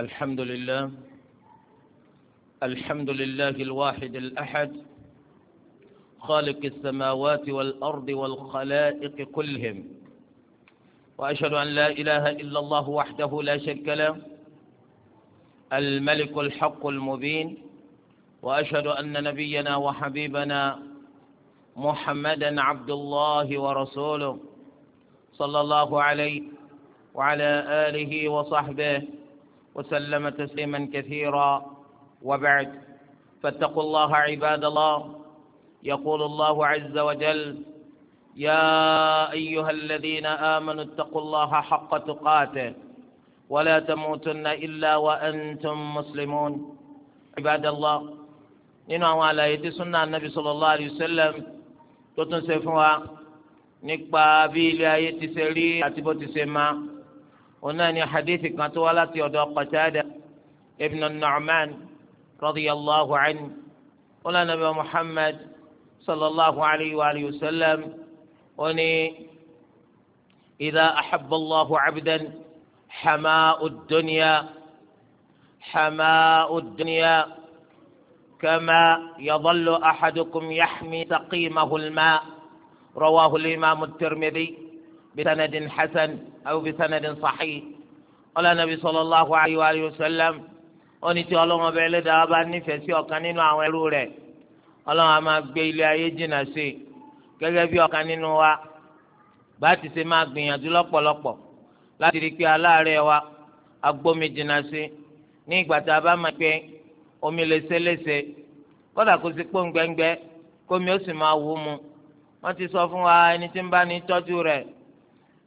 الحمد لله الحمد لله الواحد الأحد خالق السماوات والأرض والخلائق كلهم وأشهد أن لا إله إلا الله وحده لا شك له الملك الحق المبين وأشهد أن نبينا وحبيبنا محمدا عبد الله ورسوله صلى الله عليه وعلى آله وصحبه وسلم تسليما كثيرا وبعد فاتقوا الله عباد الله يقول الله عز وجل يا أيها الذين آمنوا اتقوا الله حق تقاته ولا تموتن إلا وأنتم مسلمون عباد الله nínú على يد سنة النبي صلى الله عليه وسلم تتنسفها tó بي لايتي سري اتبوتي وناني حديث كانت ولاتي ودو قتادة ابن النعمان رضي الله عنه ولا نبي محمد صلى الله عليه وآله وسلم وني إذا أحب الله عبدا حماء الدنيا حماء الدنيا كما يظل أحدكم يحمي سقيمه الماء رواه الإمام الترمذي بسند حسن أو بسند صحيح قال النبي صلى الله عليه وآله وسلم oni tí ọlọ́wọ́n bẹ́ẹ̀ lé dáa bá nífẹ̀ẹ́ sí ọ̀kan nínú àwọn ẹrú rẹ̀ ọlọ́wọ́n a máa gbé ilé ayé jìnnà sí i gẹ́gẹ́ bí ọ̀kan nínú wa bá ti ṣe máa gbìyànjú lọ́pọ̀lọpọ̀ láti rí i pé aláàárẹ̀ wa agbómi jìnnà sí i ní ìgbà tá a bá máa pé omi léṣe léṣe kódà kó sì pọ́n gbẹ́ngbẹ́ kómi ó sì máa wú mu wọ́n ti sọ fún wa ẹni tí ń bá ní tọ́jú rẹ̀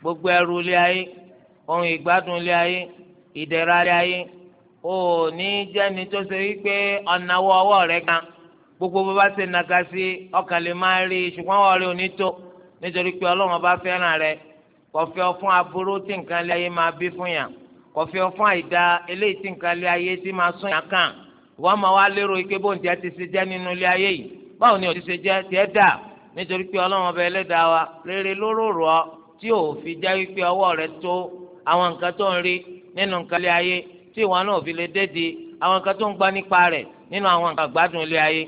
gbogbo ẹrù ilé ayé ohun ìgbádùn ilé ayé ìdẹ̀ra ilé ayé ò ní jẹ́ni tó ṣe wípé ọ̀nàwọ́ ọwọ́ rẹ̀ kan gbogbo bó bá ṣe nàka sí ọkàn lè máa rí i ṣùgbọ́n ọ̀rẹ́ ò ní tó nítorí pé ọlọ́run ọba fẹ́ràn rẹ̀ kò fẹ́ ọ fún aburú tí nǹkan ilé ayé máa bí fún yàn kò fẹ́ àìda eléyìí tí nǹkan ilé ayé tí máa sún yàn kàn wọ́n máa wá lérò ike bó tiẹ́ ti ṣe jẹ́ nínú ilé ayé yìí báwo ni òtí ṣe jẹ́ tiẹ́ dà nítorí pé ọlọ́run ọba ẹlẹ́dàá wa rere lóró rọ̀ ọ́ tí ò fi já wípé ọwọ́ rẹ tó àwọn nǹkan tó ń rí nínú nǹkan ilé ayé tí ìwọ náà fi lè dédìí àwọn nǹkan tó ń gba nípa rẹ̀ nínú àwọn nǹkan àgbádùn ilé ayé.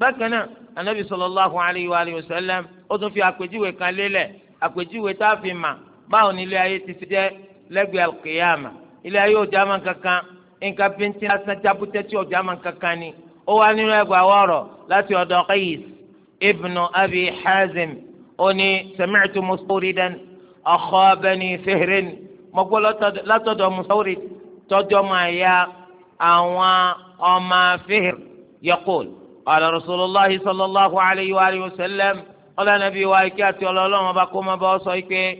bákan náà anabi sallallahu alayhi wa alihi wa sallam ó tún fi àpèjúwe kan lélẹ̀ àpèjúwe tá a fi mà báwo ni ilé ayé ti ti jẹ́ lẹ́gbẹ̀ẹ́ alqiyama ilé ayé ò já máa kankan nǹkan bíntín lásán jábútẹ́ tí ò já máa kankan ni ó wá nínú ẹgbàá wọ̀rọ̀ láti ọ̀dọ̀ Qais ibnu abi Hazim ó ní sami'tu musturidan أخا بني سهر مقول لا تدعو مصوري تدعو ما يا أوا أما فهر يقول قال رسول الله صلى الله عليه وآله وسلم قال نبي وايكاتي ولا لهم بقوم بوصيك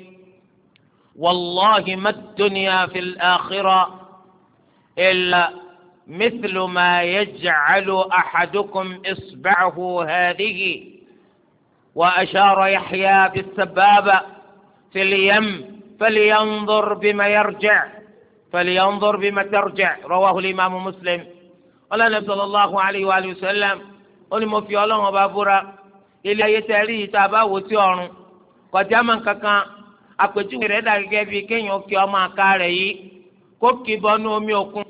والله ما الدنيا في الآخرة إلا مثل ما يجعل أحدكم إصبعه هذه وأشار يحيى بالسبابة في اليم فلينظر بما يرجع فلينظر بما ترجع رواه الإمام مسلم قال النبي صلى الله عليه وآله وسلم قل مفي الله وبابورا ilé ayé tẹ rí yìí tá a bá wò sí ọ̀run kọjá máa ń kankan àpèjúwe rẹ̀ dà gẹ́gẹ́ bíi kéèyàn kí ọmọ àká rẹ̀ yìí kó kì í bọnú omi òkun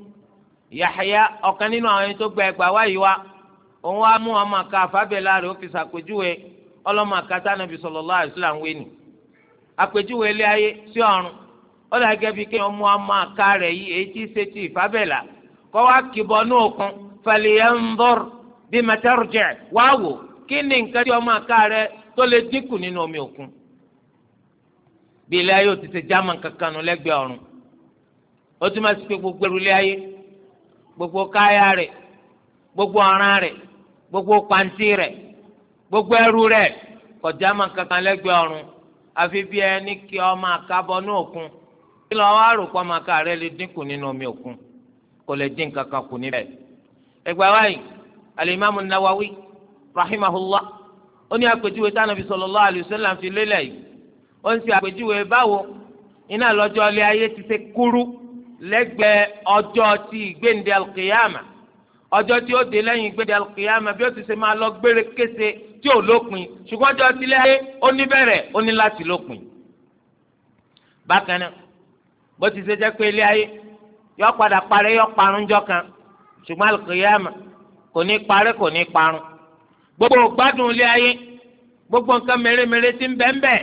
Yahya ọ̀kan nínú àwọn ẹni tó gba ẹgbàá wáyé wa òun wá mú ọmọ àká àfábẹ́lá rẹ̀ ó fi ṣàpèjúwe ọlọ́mọ àká tánàbí sallallahu alaihi wasallam ń wé nìí. àpèjúwe ilé ayé sí ọ̀run ó dà gẹ́gẹ́ bí kí wọ́n mú ọmọ àká rẹ̀ yìí èyí tí í ṣe ìfábẹ́là kọ́ wá kìbọ̀ ní òkun falyanzur wá wò kí ni nǹkan tí ọmọ àká rẹ̀ tó lè dínkù nínú omi òkun bí ilé ayé ò ti ṣe jámà kankan nù lẹ́gbẹ̀ẹ́ ọ̀run ó tún máa ṣe pé gbogbo ẹrù ilé ayé gbogbo káyà rẹ̀ gbogbo ọ̀ràn rẹ̀ gbogbo pàǹtí gbogbo ẹrù rẹ̀ kò jámà kankan lẹ́gbẹ̀ẹ́ ọ̀run àfi bí ẹni kí ọmọ àkàbọ̀ ní òkun kí lọ́ wá rò pọ́ ọmọ àká rẹ lè dínkù nínú omi òkun kò lè dín kankan kù ẹgbẹ́ alimami nawawi rahimahullah ó ní àpèjúwe tí anabi sallallahu alaihi wasallam fi lélẹ̀ yìí ó ń ṣe àpèjúwe báwo iná lọ́jọ́ ilé ayé ti ṣe kúrú lẹ́gbẹ̀ẹ́ ọjọ́ ti ọjọ́ tí ó dé lẹ́yìn gbé alkiyama bí ó ti ṣe máa lọ gbére kése tí ò lópin ṣùgbọ́n ọjọ́ tí lẹ́yìn ó ní bẹ̀rẹ̀ ó ní láti lópin. bákan náà bó ti ṣe jẹ́ pé ilé ayé yọ padà parẹ́ yọ parun jọ kan ṣùgbọ́n alkiyama kò ní parẹ́ kò ní parun. gbogbo gbádùn ilé ayé gbogbo nǹkan mèremère ti ń bẹ́ńbẹ́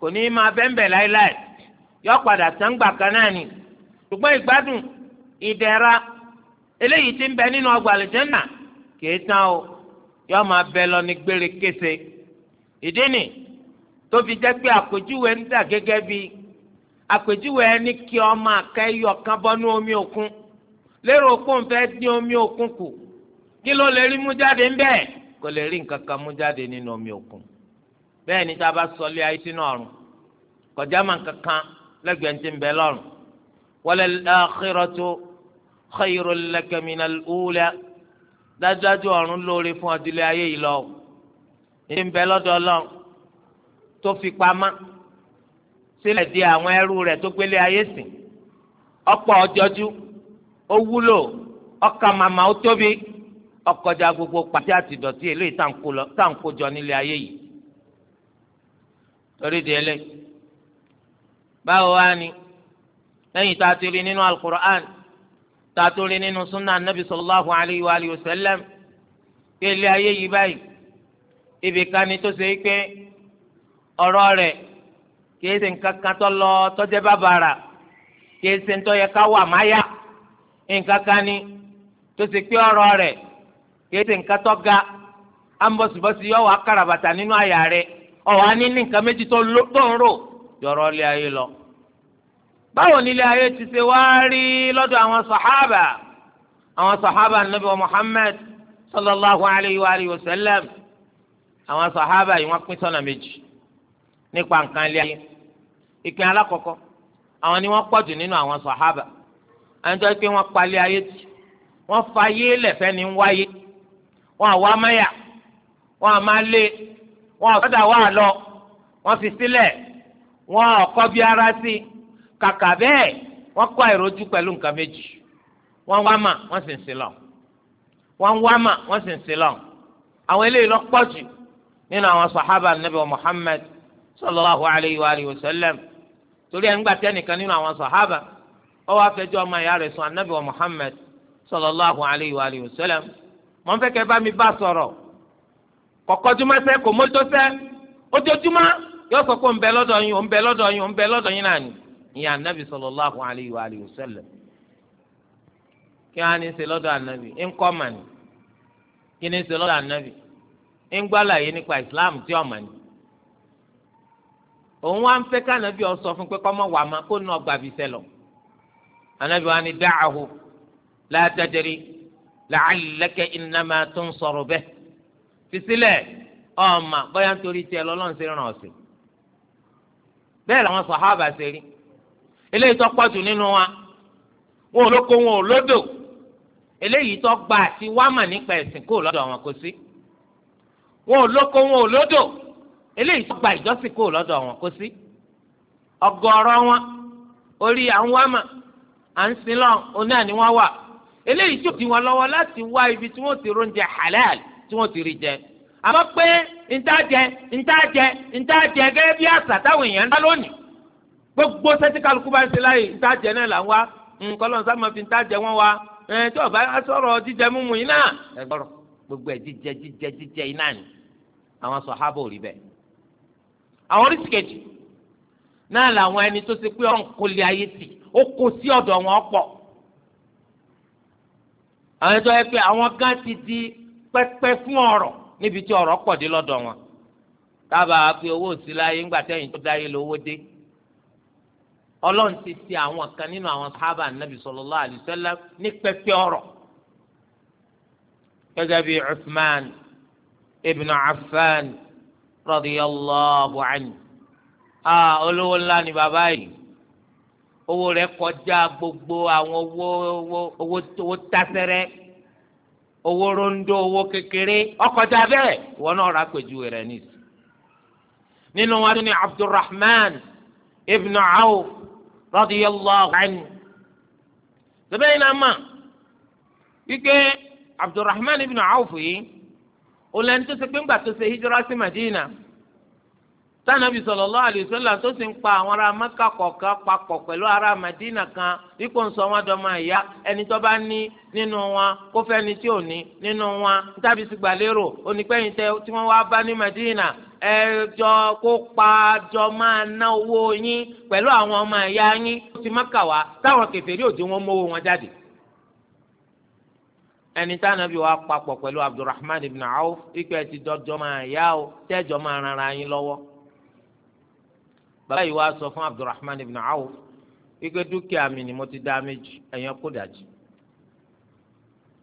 kò ní máa bẹ́ńbẹ́ láéláé yọ padà sàǹgbà kan náà ni ṣùgbọ́n ìgbádùn ìdẹ̀ra eléyìí ti ń bẹ nínú ọgbà àlùjẹ́nà kìí tán o yọ máa bẹ lọ ní gbére kése ìdí nì tó fi jẹ́ pé àpèjúwe ń dà gẹ́gẹ́ bí àpèjúwe ẹni kí ọmọ akẹ́yọ̀ kan bọ́nú omi òkun lérò pé òun fẹ́ dín omi òkun kù kí ló lè rí mú jáde ń bẹ́ẹ̀ kò lè rí nǹkan kan mú jáde nínú omi òkun bẹ́ẹ̀ ni tá a bá sọlé ayé sínú ọ̀run kọjá máa kankan lẹ́gbẹ̀ẹ́ ti ń bẹ khayrun laka minal ula dájúdájú ọ̀run lóore fún ọdílé ayé yìí lọ ní ń bẹ lọ́dọ̀ Ọlọ́run tó fi pamọ́ sílẹ̀ di àwọn ẹrú rẹ̀ tó gbélé ayé sìn ọ̀pọ̀ ọjọ́jú ó wúlò ọkà màmá ó tóbi ọkọjá gbogbo pàtí àti dọ̀tí eléyìí táǹkójọ nílé ayé yìí torí di eléyìí báwo wá ni lẹ́yìn tá a ti rí nínú alukur'an tààtúrí nínú súnà anábì sallallahu alayhi wa alihi wa sallam pé ilé ayé yìí báyìí ibìkan ni tó ṣe é pé ọ̀rọ̀ rẹ̀ kìí ṣe nǹkan kan tó lọ tọ́jẹ́ bàbàrà kìí ṣe ń tọ́yẹ ká wà máyà nǹkan kan ni tó ṣe pé ọ̀rọ̀ rẹ̀ kìí ṣe nǹkan tó ga ambọ̀sibọ́sì yọ wà kàràbàtà nínú àyà rẹ̀ ọ̀wá ní nǹkan méjì tó ń rò yọ̀rọ̀ ilé ayé lọ báwo nílé ayé ti ṣe wá rí lọ́dọ̀ àwọn sàhábà àwọn sàhábà nàbí wa Muhammad sallallahu alayhi wa alihi wa sallam àwọn sàhábà yìí wọ́n pín sọ́nà méjì nípa nǹkan ilé ayé ìpín alákọ̀ọ́kọ́ àwọn ni wọ́n pọ̀jù nínú àwọn sàhábà àwọn jẹ́ pé wọ́n palẹ̀ ayé tì wọ́n fa ayé lẹ̀fẹ́ ní wáyé wọ́n àwa mẹ́yà wọ́n àmà lé wọ́n àkọ́dà wà wọ́n fi sílẹ̀ wọ́n ọ̀kọ́ bí ara sí i. kaka bẹ́ẹ̀ wọ́n kọ́ àìrójú pẹ̀lú nǹkan méjì wọ́n wá mà wọ́n sin lọ wọ́n wá mà wọ́n sì ń sin lọ àwọn eléyìí lọ pọ̀ jù nínú àwọn sàhábà Muhammad sallallahu alayhi wa alihi wa sallam torí ẹ̀ ń gbà tẹ́nìkan nínú àwọn sàhábà ó wá fẹjọ́ ọmọ ìyá Muhammad sallallahu alayhi wa alihi wa sallam mọ̀ n fẹ́ mi bá sọ̀rọ̀ kò mójútó sẹ́ ojoojúmọ́ yóò sọ ìyá anabi sallallahu alayhi wa alihi wa kí wọn á ṣe anabi ń kọ́ kí ní í ṣe islam tí ọmọ ní òun wá ń ká anabi ọ fún pé kọ́ wà má kó anabi wa ni da'ahu la tadri la'allaka innama tunsaru bih fi sílẹ̀ ọmọ bóyá nítorí tiẹ̀ lọ́lọ́run ṣe ràn làwọn ṣe eléyìí tó pọ̀jù nínú wa wọn ò lóko wọn ò lódò eléyìí tó gba àti wámà nípa ẹ̀sìn kò lọ́dọ̀ wọn kò sí wọn ò lóko wọn ò lódò eléyìí tó gba ìjọsìn kò lọ́dọ̀ wọn kò sí ọ̀gọ̀rọ̀ wọn orí àwọn wámà à ń sin lọ oní àní wọn wà eléyìí tó di wọn lọ́wọ́ láti wá ibi tí wọ́n ti róúnjẹ halal tí wọ́n ti rí jẹ àmọ́ pé ń tá jẹ ń tá jẹ ń tá jẹ gẹ́gẹ́ bí àṣà táwọn èèyàn ń dá lónìí gbogbo sẹ́tí kálukú bá ń ṣe láyè ìtajà náà là ń wá nkọlọ́n sá máa fi ìtajà wọn wá ẹ̀ tí ọba sọ̀rọ̀ jíjẹ mímu yìí náà ẹ̀ gbọ́rọ̀ gbogbo ẹ̀ jíjẹ jíjẹ jíjẹ yìí náà ni àwọn sàhábà ò rí bẹ́ẹ̀. àwọn oríṣi kejì náà làwọn ẹni tó ṣe pé ọ̀n kò lè ayé tì ó kò sí ọ̀dọ̀ wọn pọ̀ àwọn ẹjọ́ yẹ pé àwọn gán ti di pẹ́pẹ́ fún ọ̀rọ̀ níbi tí ọ̀rọ̀ pọ̀ dé lọ́dọ̀ wọn tábà pé owó òsì láyé ńgbà tẹ́yìn tó dáyé lówó dé ọlọ́run ti ti àwọn kan nínú àwọn sábà nàbì sallallahu alaihi wasallam ní pẹpẹ ọ̀rọ̀ gẹ́gẹ́ bíi Uthman ibn Affan radiyallahu anhu a olówó ńlá ni bàbá yìí owó rẹ̀ kọjá gbogbo àwọn owó owó owó tásẹrẹ owó rondo owó kékeré ọkọjá bẹ́ẹ̀ ìwọ náà rà pèjúwe rẹ̀ nìyí nínú wọn ni Abdulrahman ibn Awf. radiyallahu anhu sẹ́bẹ̀yìn náà na wípé abdulrahman ibn awf yìí olóyìn tó ṣe pé ńgbà tó ṣe hijira sí madina sanabi sallallahu alaihi tó sì ń pa àwọn ará mẹ́kà kọ̀ọ̀kan papọ̀ pẹ̀lú ará madina kan ipò ń sọ wọn ẹni tó bá ní nínú wọn kó tí ò ní nínú wọn tí wá bá ní madina ẹ jọ kópa jọ máa ná owó yín pẹ̀lú àwọn ọmọ ẹ̀yà yín ó ti Mákà wá táwọn kèfèrí òdi wọn mówó wọn jáde. ẹni tá ànábì wa papọ̀ pẹ̀lú Abdurrahman ibn Auf ikú ẹ ti dọ́jọ́ máa yá o tẹ́jọ́ máa ran ara yín lọ́wọ́. bàbá yìí wá sọ fún Abdurrahman ibn Auf ikú dúkìá mi ni mo ti dá méjì ẹ̀yàn kó dàjì.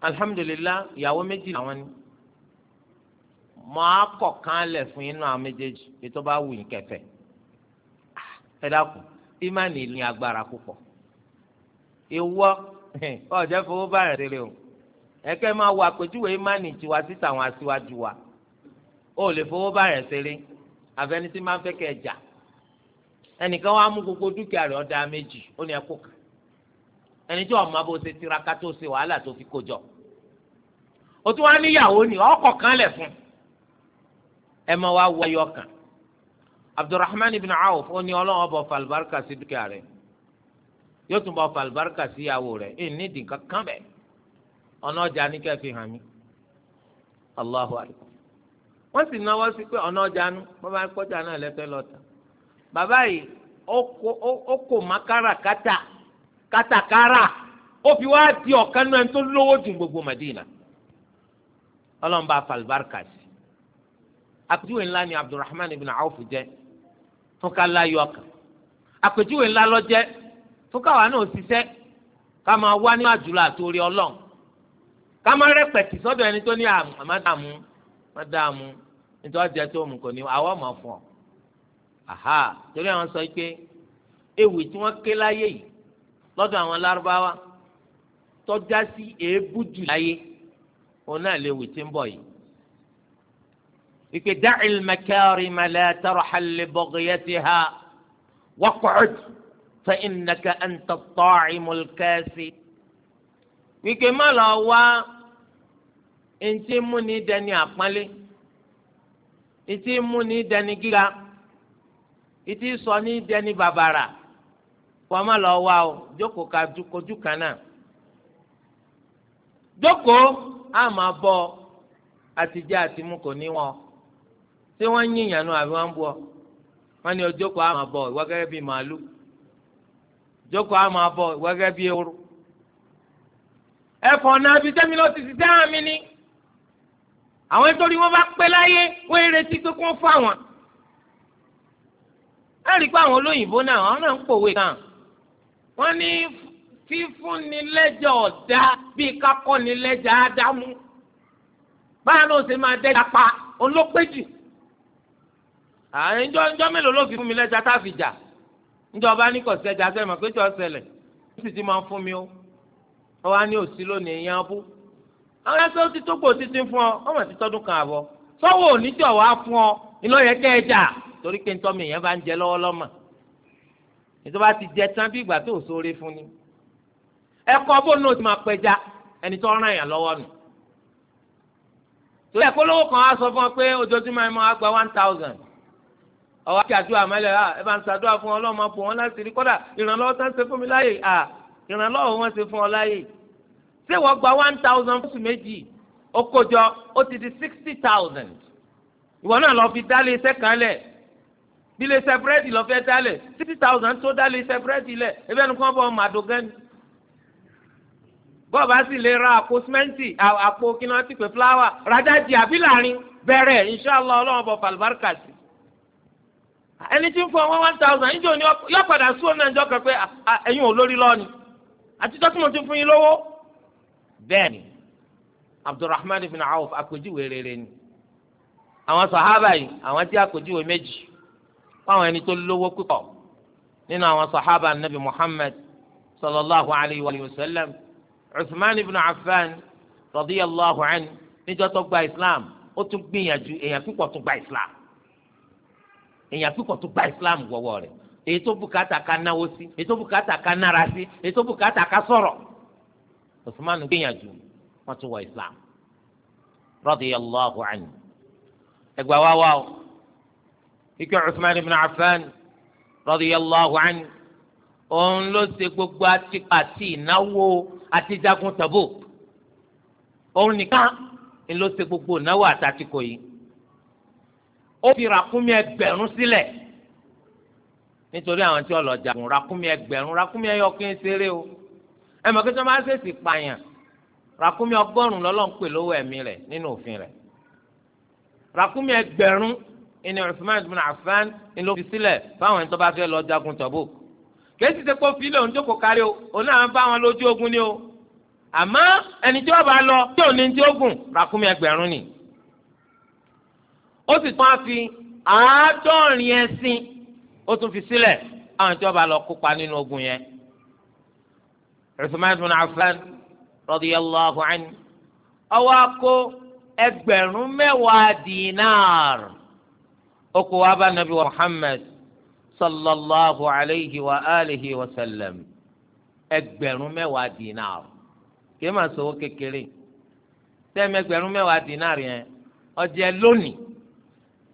alhamdulillah ìyàwó méjì làwọn ni mọ́ kọ̀ fún inú àwọn méjèèjì bí bá wù yín kẹfẹ́ ẹ dákun ìmánì ní agbára púpọ̀ ìwọ ọ̀jẹ̀ fowó bá rẹ̀ rẹ̀ o ẹ̀kẹ́ máa wọ àpèjúwe ìmánì tiwa síta àwọn aṣíwájú wa ó lè fowó bá rẹ̀ ṣeré àfẹnusí máa ń fẹ́ ẹnìkan wàá mú gbogbo dúkìá méjì ó ní kan ẹni tí ọ̀ma bó ṣe tiraka tó ṣe wàhálà tó fi kó jọ òtún níyàwó ni kan fún un ẹ máa wá wọ kan abdulrahman ibn awf ó ní ọlọ́wọ́ bọ̀ falibarika sí dúkìá rẹ̀ yóò tún bọ̀ falibarika sí ìyàwó rẹ̀ ẹ̀ ní ìdìkan kan fi hàn mí allahu akbar wọ́n sì náwó sí pé ọ̀nà ọjà nu wọ́n bá náà lẹ́fẹ́ lọ́ta bàbá yìí ó kò ó fi gbogbo madina ọlọ́run bá sí àpèjúwe ńlá ni abdulrahman ibn awf jẹ fún ká láyọ̀ ọkàn àpèjúwe ńlá ló jẹ́ fún káwa náà ṣiṣẹ́ ká máa wá ní àjùlọ àtòrí ọlọ́run ká máa rẹpẹtì sọ́dọ̀ ẹni tó ní àmàdàmú àmàdàmú nítorí ọjà tó mú kò ní àwọn ọmọ fún ọ aha torí àwọn sọ pé ewì tí wọ́n ké láyé yìí lọ́dọ̀ àwọn lárúbáwá tọ́já sí èébú jù láyé òun náà léwu tí ń bọ̀ yìí ìpè da'il makarima la tarhal li baghiyatiha waq'ud fa innaka anta at-ta'imul kasi. wíkẹ́ má lọ wá ntí múni dání àpọ́nlé ntí múni dání gíga ntí sọni dání bàbàrà kọ́ má lọ o jókòó ka kojú kan náà jókòó a máa bọ àtijọ́ àti wọn ṣé wọ́n ń yìnyàn nu àbí wọ́n ń bu ọ wọ́n ní ojókòó àmà bọ̀ ìwọ gẹ́gẹ́ bíi màálù jókòó àmà bọ̀ ìwọ bíi ehoro ẹ̀fọ́ náà bíi sẹ́mi lọ́ọ́ ti ti àmì ni àwọn nítorí wọ́n bá pẹ́ láyé wọ́n retí pé kí wọ́n fún àwọn ẹ rí i pé àwọn olóyìnbó náà àwọn náà ń pòwe kan wọ́n ní fífúnni lẹ́jà ọ̀dá bíi kákọ́ni lẹ́jà ádámù báyà náà ó sì máa dẹ́jà pa òun ló jù àárín jọ ńjọ mélòó ló fi fún mi lẹ́jà tá a fi jà ńjọ bá ní kò sẹ́jà sẹ́yìn mọ̀ pé jọ sẹlẹ̀ ó sì ti máa ń fún mi ó ó wá ní òsì lónìí yẹn bú àwọn ẹsẹ̀ ó ti tó kò títí fún ọ ọmọ ti tọ́dún kan àbọ̀ sọ́wọ́ òní tí ọ̀wá fún ọ iná yẹn kẹ́ ẹ jà torí pé ntọ́mi yẹn bá ń jẹ lọ́wọ́ lọ́mọ ètò bá ti jẹ tán bí ìgbà tó sóore fún ni ẹ̀kọ́ bó náà ti máa pẹja ẹni tó ràn yàn lọ́wọ́ nù torí ẹ̀kọ́ lówó kan á sọ fún ọ pé ojoojúmọ́ ẹ máa gba one thousand ọwọ́ àti àdúrà mẹ́lẹ̀ à ah, ẹ bá ń ṣàdúrà fún ọlọ́run máa bò wọ́n láti rí kọ́dà ìrànlọ́wọ́ tán ṣe fún mi láàyè à ah, ìrànlọ́wọ́ wọn ṣe fún ọ láàyè ṣé wọ́n gba one thousand fún méjì ó kójọ ó ti di sixty thousand ìwọ náà lọ fi dálé iṣẹ́ kan lẹ̀ bí lè ṣe búrẹ́dì lọ fẹ́ dálẹ̀ sixty thousand tó dálé iṣẹ́ búrẹ́dì lẹ̀ ebi ẹni kan bọ̀ màdógẹ́ni bọ́ọ̀bá sì lè ra àpò símẹ́ǹtì àpò kí ni wọ́n ti pè fúláwà rájà jì àbí láàrin bẹ̀rẹ̀ inṣàlá ọlọ́run ẹni tí ń fún ọwọ́ one thousand níjẹ́ òní yọ padà sí òun náà jọ kàn pé ẹ̀yin ò lórí lọ́ọ̀ni àtijọ́ tí mo ti fún yín lówó. bẹ́ẹ̀ni Abdulrahman ibn Awf àpèjúwe rere ni àwọn sàhábà yìí àwọn tí àpèjúwe méjì fáwọn ẹni tó lówó púpọ̀ nínú àwọn nabi Muhammad sallallahu alayhi wa sallam Uthman ibn radiyallahu anhu níjọ́ Islam ó tún gbìyànjú èèyàn Islam. èèyàn pípọ̀ tó gba islam wọ̀wọ́ rẹ̀ èyí tó bùkátà ká náwó sí èyí tó bùkátà ká nára sí èyí tó bùkátà ká sọ̀rọ̀ usman gbìyànjú wọn tún wọ islam radiyallahu anhu ẹgbàá wá wá o ike usman ibn affan radiyallahu anhu òun ló ṣe gbogbo àtìpà àti ìnáwó àti jagun Tabuk òun nìkan ló ṣe gbogbo ìnáwó àtàtìkọ yìí ó fi ràkúnmí ẹgbẹ̀rún sílẹ̀ nítorí àwọn tí ọlọ́jà gùn rakumi ẹgbẹ̀rún ràkúnmí ẹyọ kí o ẹ mọ̀ kí tí wọ́n bá ṣèṣì pààyàn ràkúnmí ọgọ́rùn-ún lọ́lọ́ ń pè lówó ẹ̀mí rẹ̀ nínú òfin rẹ̀ ràkúnmí ẹgbẹ̀rún ìní Usman ibn Affan ni ló fi sílẹ̀ fáwọn ẹni tó bá fẹ́ lọ jagun Tabuk kèsì tẹ kó fílẹ̀ òun jókòó kárí o òun náà bá wọn lójú ogun ni o àmọ́ ẹni tí wọ́n bá lọ tí òun ní ti ogun ràkúnmí ẹgbẹ̀rún ni o sì tún á fi àádọ́rin ẹṣin ó tún fi sílẹ̀ àwọn tí lọ kópa nínú ogun yẹn. Uthman ibn Affan radiyallahu anhu ọwọ́ akó ẹgbẹ̀rún mẹ́wàá dinar okò wa bá nabi Muhammad sallallahu alayhi wa alihi wa sallam ẹgbẹ̀rún mẹ́wàá dinar kí ẹ máa sọ owó kékeré tẹ́ẹ̀mẹ́gbẹ̀rún mẹ́wàá dinar yẹn ó lónìí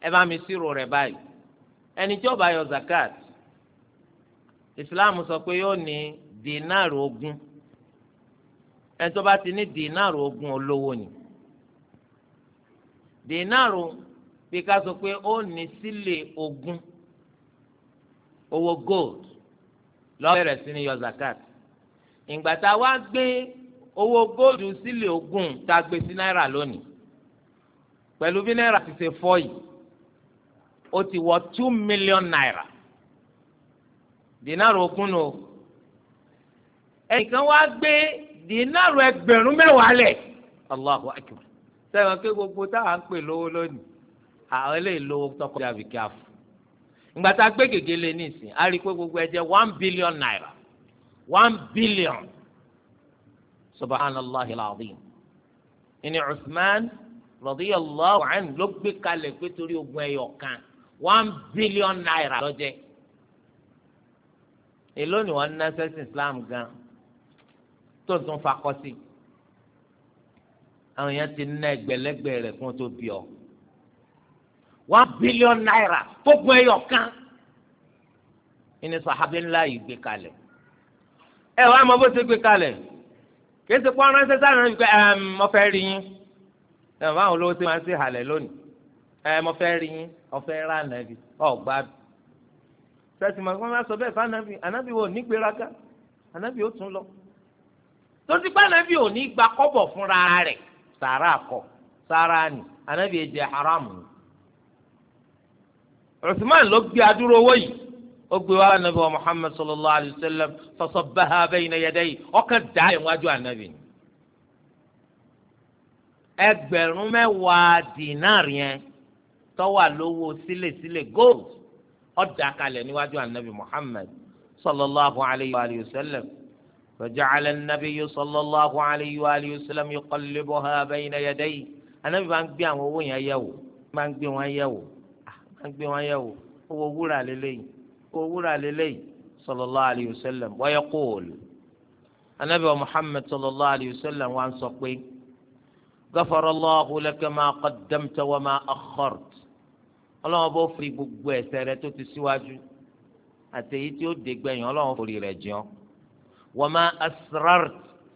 ẹ bá mi sírò rẹ̀ báyìí ẹni tí ó bá yọ zakat islam sọ pé yóò ní dínàrù ogún ẹni tó bá ti ní dínàrù ogún olówó ni dínàrù bí ká sọ pé ó ní sílè ogún owó gold lọ́wọ́ bẹ̀rẹ̀ sí ní yọ zakat ìgbà tá a wá gbé owó góòlù sílè ogún tá a gbé sí náírà lónìí pẹ̀lú bí náírà ti ṣe fọ́ yìí ó ti wọ two million naira dinaru okunu o ẹnìkan wá gbé dínàrù ẹgbẹ̀rún mẹ́wàá lẹ̀ allahu akbar gbogbo táwa ń pè lówó lónìí àwọn eléyìí lówó tọkọtaya àbíkí àfọ ìgbàtà gbé gègé lé a rí i pé gbogbo ẹ jẹ́ one billion naira one billion subhanallahi alazim ìní Uthman radiyallahu ló gbé kalẹ̀ pé torí ogun kan one billion naira lọ́jẹ́ èló ni wọ́n ná sẹ́sìn Islam gan tó tún fakọ́ sí àwọn èèyàn ti ná ẹgbẹ̀lẹ́gbẹ̀ rẹ̀ kún tó bí ọ one billion naira tó gun ẹyọ kan ìní sàhábí ńlá yìí gbé kalẹ̀ ẹ wàá mọ bó ṣe gbé kalẹ̀ kí ẹ ti pọ́n ránṣẹ́ sáré rẹ̀ wípé ọ̀fẹ́ rí yín ẹ̀ wọ́n àwọn olówó ti máa ń ṣe halẹ̀ lónìí ẹ mo fẹ́ rí yín ọ̀fẹ́ rà nàbì ọ̀gbá bì sẹ́tì màá kọ́ máa sọ bẹ́ẹ̀ fún ànábì ànábì wo ní gbéraga ànábì ó tún lọ tó ti pa ànábì ò ní gba kọ́bọ̀ fúnra rẹ̀ sàrà kọ sàrà ni ànábì ẹ jẹ haram ni Usman ló gbé adúrò owó yìí ó gbé wa ànábì wa Muhammad sallallahu alayhi wa sallam fasabbaha bayna yadayhi ọkàn dá ẹ̀ wájú ni ẹgbẹ̀rún mẹ́wàá dínárì yẹn tọ́wà lówó sílẹ̀sílẹ̀ gold ọ̀dà kalẹ̀ níwájú anabi muhammed sallallahu alayhi wa sallam faja'ala an-nabiyyu sallallahu alayhi wa sallam yuqallibuha bayna yadayhi anabi máa ń gbé àwọn owó yẹn yẹ̀wò máa ń gbé wọn yẹ̀wò máa ah, ń gbé wọn yẹ̀wò owó wúrà lélẹ́yìí owó wúrà lélẹ́yìí sallallahu alayhi wa sallam wa yaqul anabi muhammed sallallahu alayhi wa sallam wa ń sọ pé غفر الله لك ما قدمت وما أخرت ọlọ́wọ́n bó fi gbogbo ẹ̀ṣẹ̀ rẹ tó ti síwájú àti èyí tí ó dé gbẹ̀yìn ọlọ́wọ́n forí rẹ̀ jẹun wọ́n máa asrar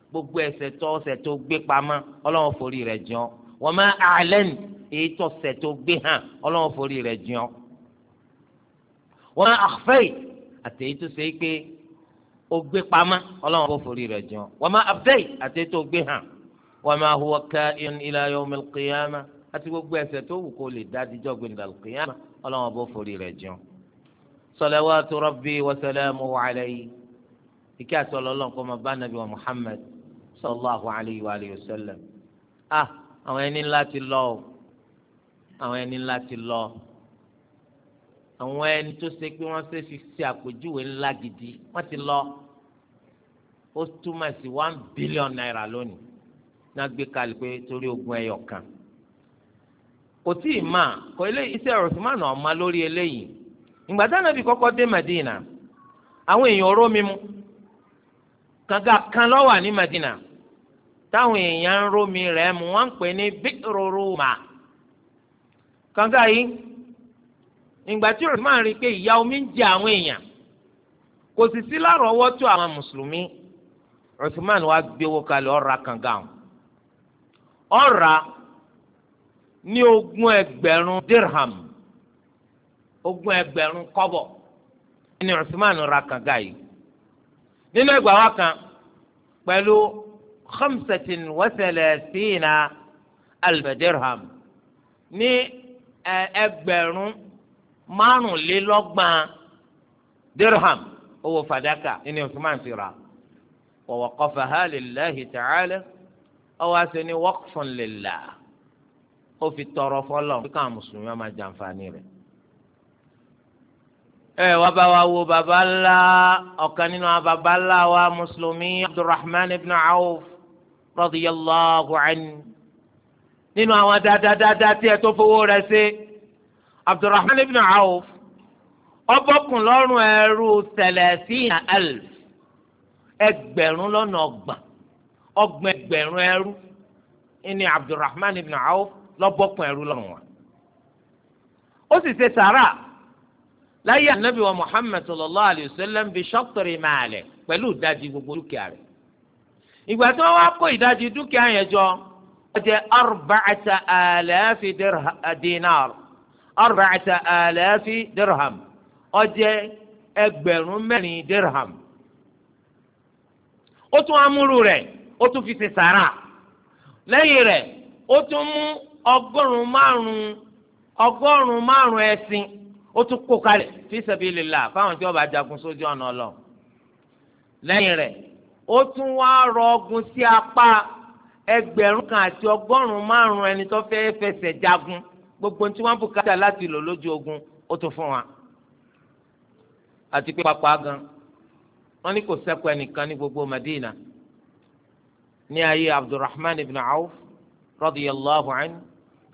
gbogbo ẹ̀ṣẹ̀ tó ọ̀ṣẹ̀ tó gbé pamọ́ ọlọ́wọ́n forí rẹ̀ jẹun wọ́n máa alẹ́n èyí tó ọ̀ṣẹ̀ tó gbé hàn ọlọ́wọ́n forí rẹ̀ jẹun wọ́n máa àfẹ́yì àti èyí tó ṣe é pé ó gbé pamọ́ ọlọ́wọ́n bó forí rẹ̀ jẹun wọ́n máa abdẹ́yì àti èyí tó gbé hàn wọ́n máa huwa káyọ̀ ilá yawmil qiyamah àti gbogbo ẹ̀ṣẹ̀ tó wù kó lè dá dijọ́ gbẹndà kìyàmà Ọlọ́run bó forí rẹ̀ jẹun. salawatu rabbi wa salamuhu alayhi ike àti Ọlọ́run kó máa bá nàbí wa Muhammad sallallahu alayhi wa alihi wa sallam. ah àwọn ẹni ńlá ti lọ o àwọn ẹni ńlá ti lọ àwọn ẹni tó ṣe pé wọ́n ṣe fi ṣe àpèjúwe ńlá gidi wọ́n ti lọ ó túmọ̀ sí one billion naira lónìí náà gbé kalẹ̀ pé torí ogún ẹyọ kan kò tí ì máa kọ iṣẹ́ Usman ọ̀ma lórí eléyìí ìgbà tí Ànábì kọ́kọ́ dé Madina àwọn èèyàn ró mi kan ló n'i ní Madina táwọn èèyàn ró mi rẹ̀ mu wọ́n ń pè ní bíroroma kànga yìí ìgbà tí rí i omi ń jẹ àwọn èèyàn kò sì sí lárọ̀ọ́wọ́tó àwọn mùsùlùmí Usman wá gbé owó kalẹ̀ ó ra kànga ní ogún ẹgbẹ̀rún dirham ogún ẹgbẹ̀rún kọ́bọ̀ ní Usman ra kànga yìí nínú ẹgbàá wa kan pẹ̀lú khamsatin wa thalathina alf dirham ní ẹgbẹ̀rún márùnlélọ́gbọ̀n dirham owó fàdákà ní Usman ti ra wa waqafaha lillahi ta'ala ọwọ́ àti ní waqfun lillah ó fi tọrọ fọlọ kí káwọn mùsùlùmí máa jàǹfààní rẹ̀. ẹ wá bá wa wo baba ńlá ọ̀kan nínú àwọn baba ńlá wa mùsùlùmí abdulrahman ibn awf radiyallahu anhu nínú àwọn dáadáa tí ẹ tó fowó rẹ̀ ṣe abdulrahman ibn awf ọbọkùn lọ́rùn ẹrú tẹlẹsíìnà elf ẹgbẹ̀rún lọ́nà ọgbọ̀n ọgbọ̀n ẹrú ẹni abdulrahman ibn awf lọ́bọ̀kùn ẹrú lọ́rùn wa ó sì ṣe sàrà láyé anabi wa muhammed sallallahu alayhi wa sallam bi shatri maale pẹ̀lú ìdajì gbogbo dúkìá rẹ̀ ìgbà tí wọ́n wá kó ìdajì dúkìá yẹn jọ ó jẹ́ arba'ata alaafi dinar arba'ata alaafi dirham ó jẹ́ ẹgbẹ̀rún mẹ́rin dirham ó tún amúrú rẹ̀ ó tún fi ṣe sàrà lẹ́yìn rẹ̀ ó tún mú ọgọ́rùn-ún márùn-ún ọgọ́rùn-ún márùn-ún ẹ̀sìn ó tún kó kalẹ̀ fi sabilillah fáwọn tí wọ́n bá jagun sójú ọ̀nà lẹ́yìn rẹ̀ ó tún wá rọ ọgùn sí apá ẹgbẹ̀rún kan àti ọgọ́rùn-ún márùn-ún ẹni tó fẹ́ fẹsẹ̀ jagun gbogbo tí wọ́n bùkátà láti lò lójú ogun ó tún fún wa àti pé papọ̀ agan ní kò sẹ́kù ẹnìkan ní gbogbo Madina ní ayé ibn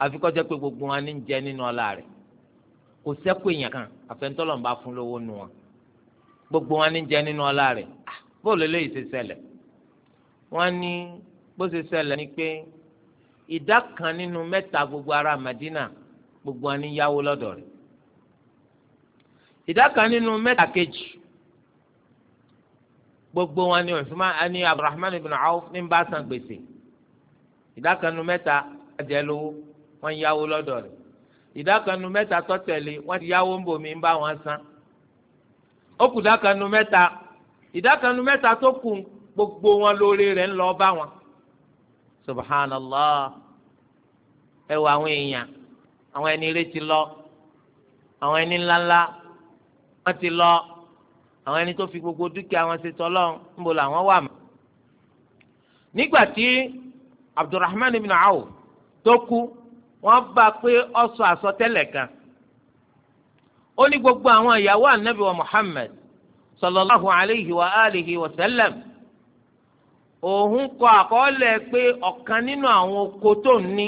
àfi kó jẹ́ pé gbogbo wọn ní jẹ nínú ọlá rẹ̀ kò sẹ́kù èèyàn kan àfẹnutọ́lọ̀ ń bá fún lówó nu wọn gbogbo wọn ní jẹ nínú ọlá rẹ̀ ah, bó lè ṣe ṣẹlẹ̀ wọ́n ní bó ṣe ṣẹlẹ̀ ni pé ìdá kan nínú mẹ́ta gbogbo ará Madina gbogbo wọn ní yáwó lọ́dọ̀ rẹ̀ ìdá kan nínú mẹ́ta kejì gbogbo wọn ni Usman ani Abdulrahman ibn Auf ní bá san gbèsè ìdá kan nínú mẹ́ta ẹ̀jẹ̀ lówó wọ́n yáwó lọ́dọ̀ rẹ̀ ìdákanu mẹ́ta tọ́tẹ̀lé wọ́n ti yáwó ń bomi ń wọn san ó kù dákanu mẹ́ta ìdákanu tó kù gbogbo wọn lórí rẹ̀ ń lọ bá wọn subhanallah ẹ wọ àwọn èèyàn àwọn ẹni ti lọ àwọn ẹni ńláńlá ti lọ àwọn ẹni tó fi gbogbo dúkìá wọn ṣe ń làwọn wà nígbà tí abdulrahman ibn tó kú wọ́n bá pé ọsọ sọ àsọtẹ́lẹ̀ kan ó ní gbogbo àwọn ìyàwó anabi wa muhammed sallallahu alayhi wa alihi wa sallam òun kọ pé ọ̀kan nínú àwọn oko tó ń ní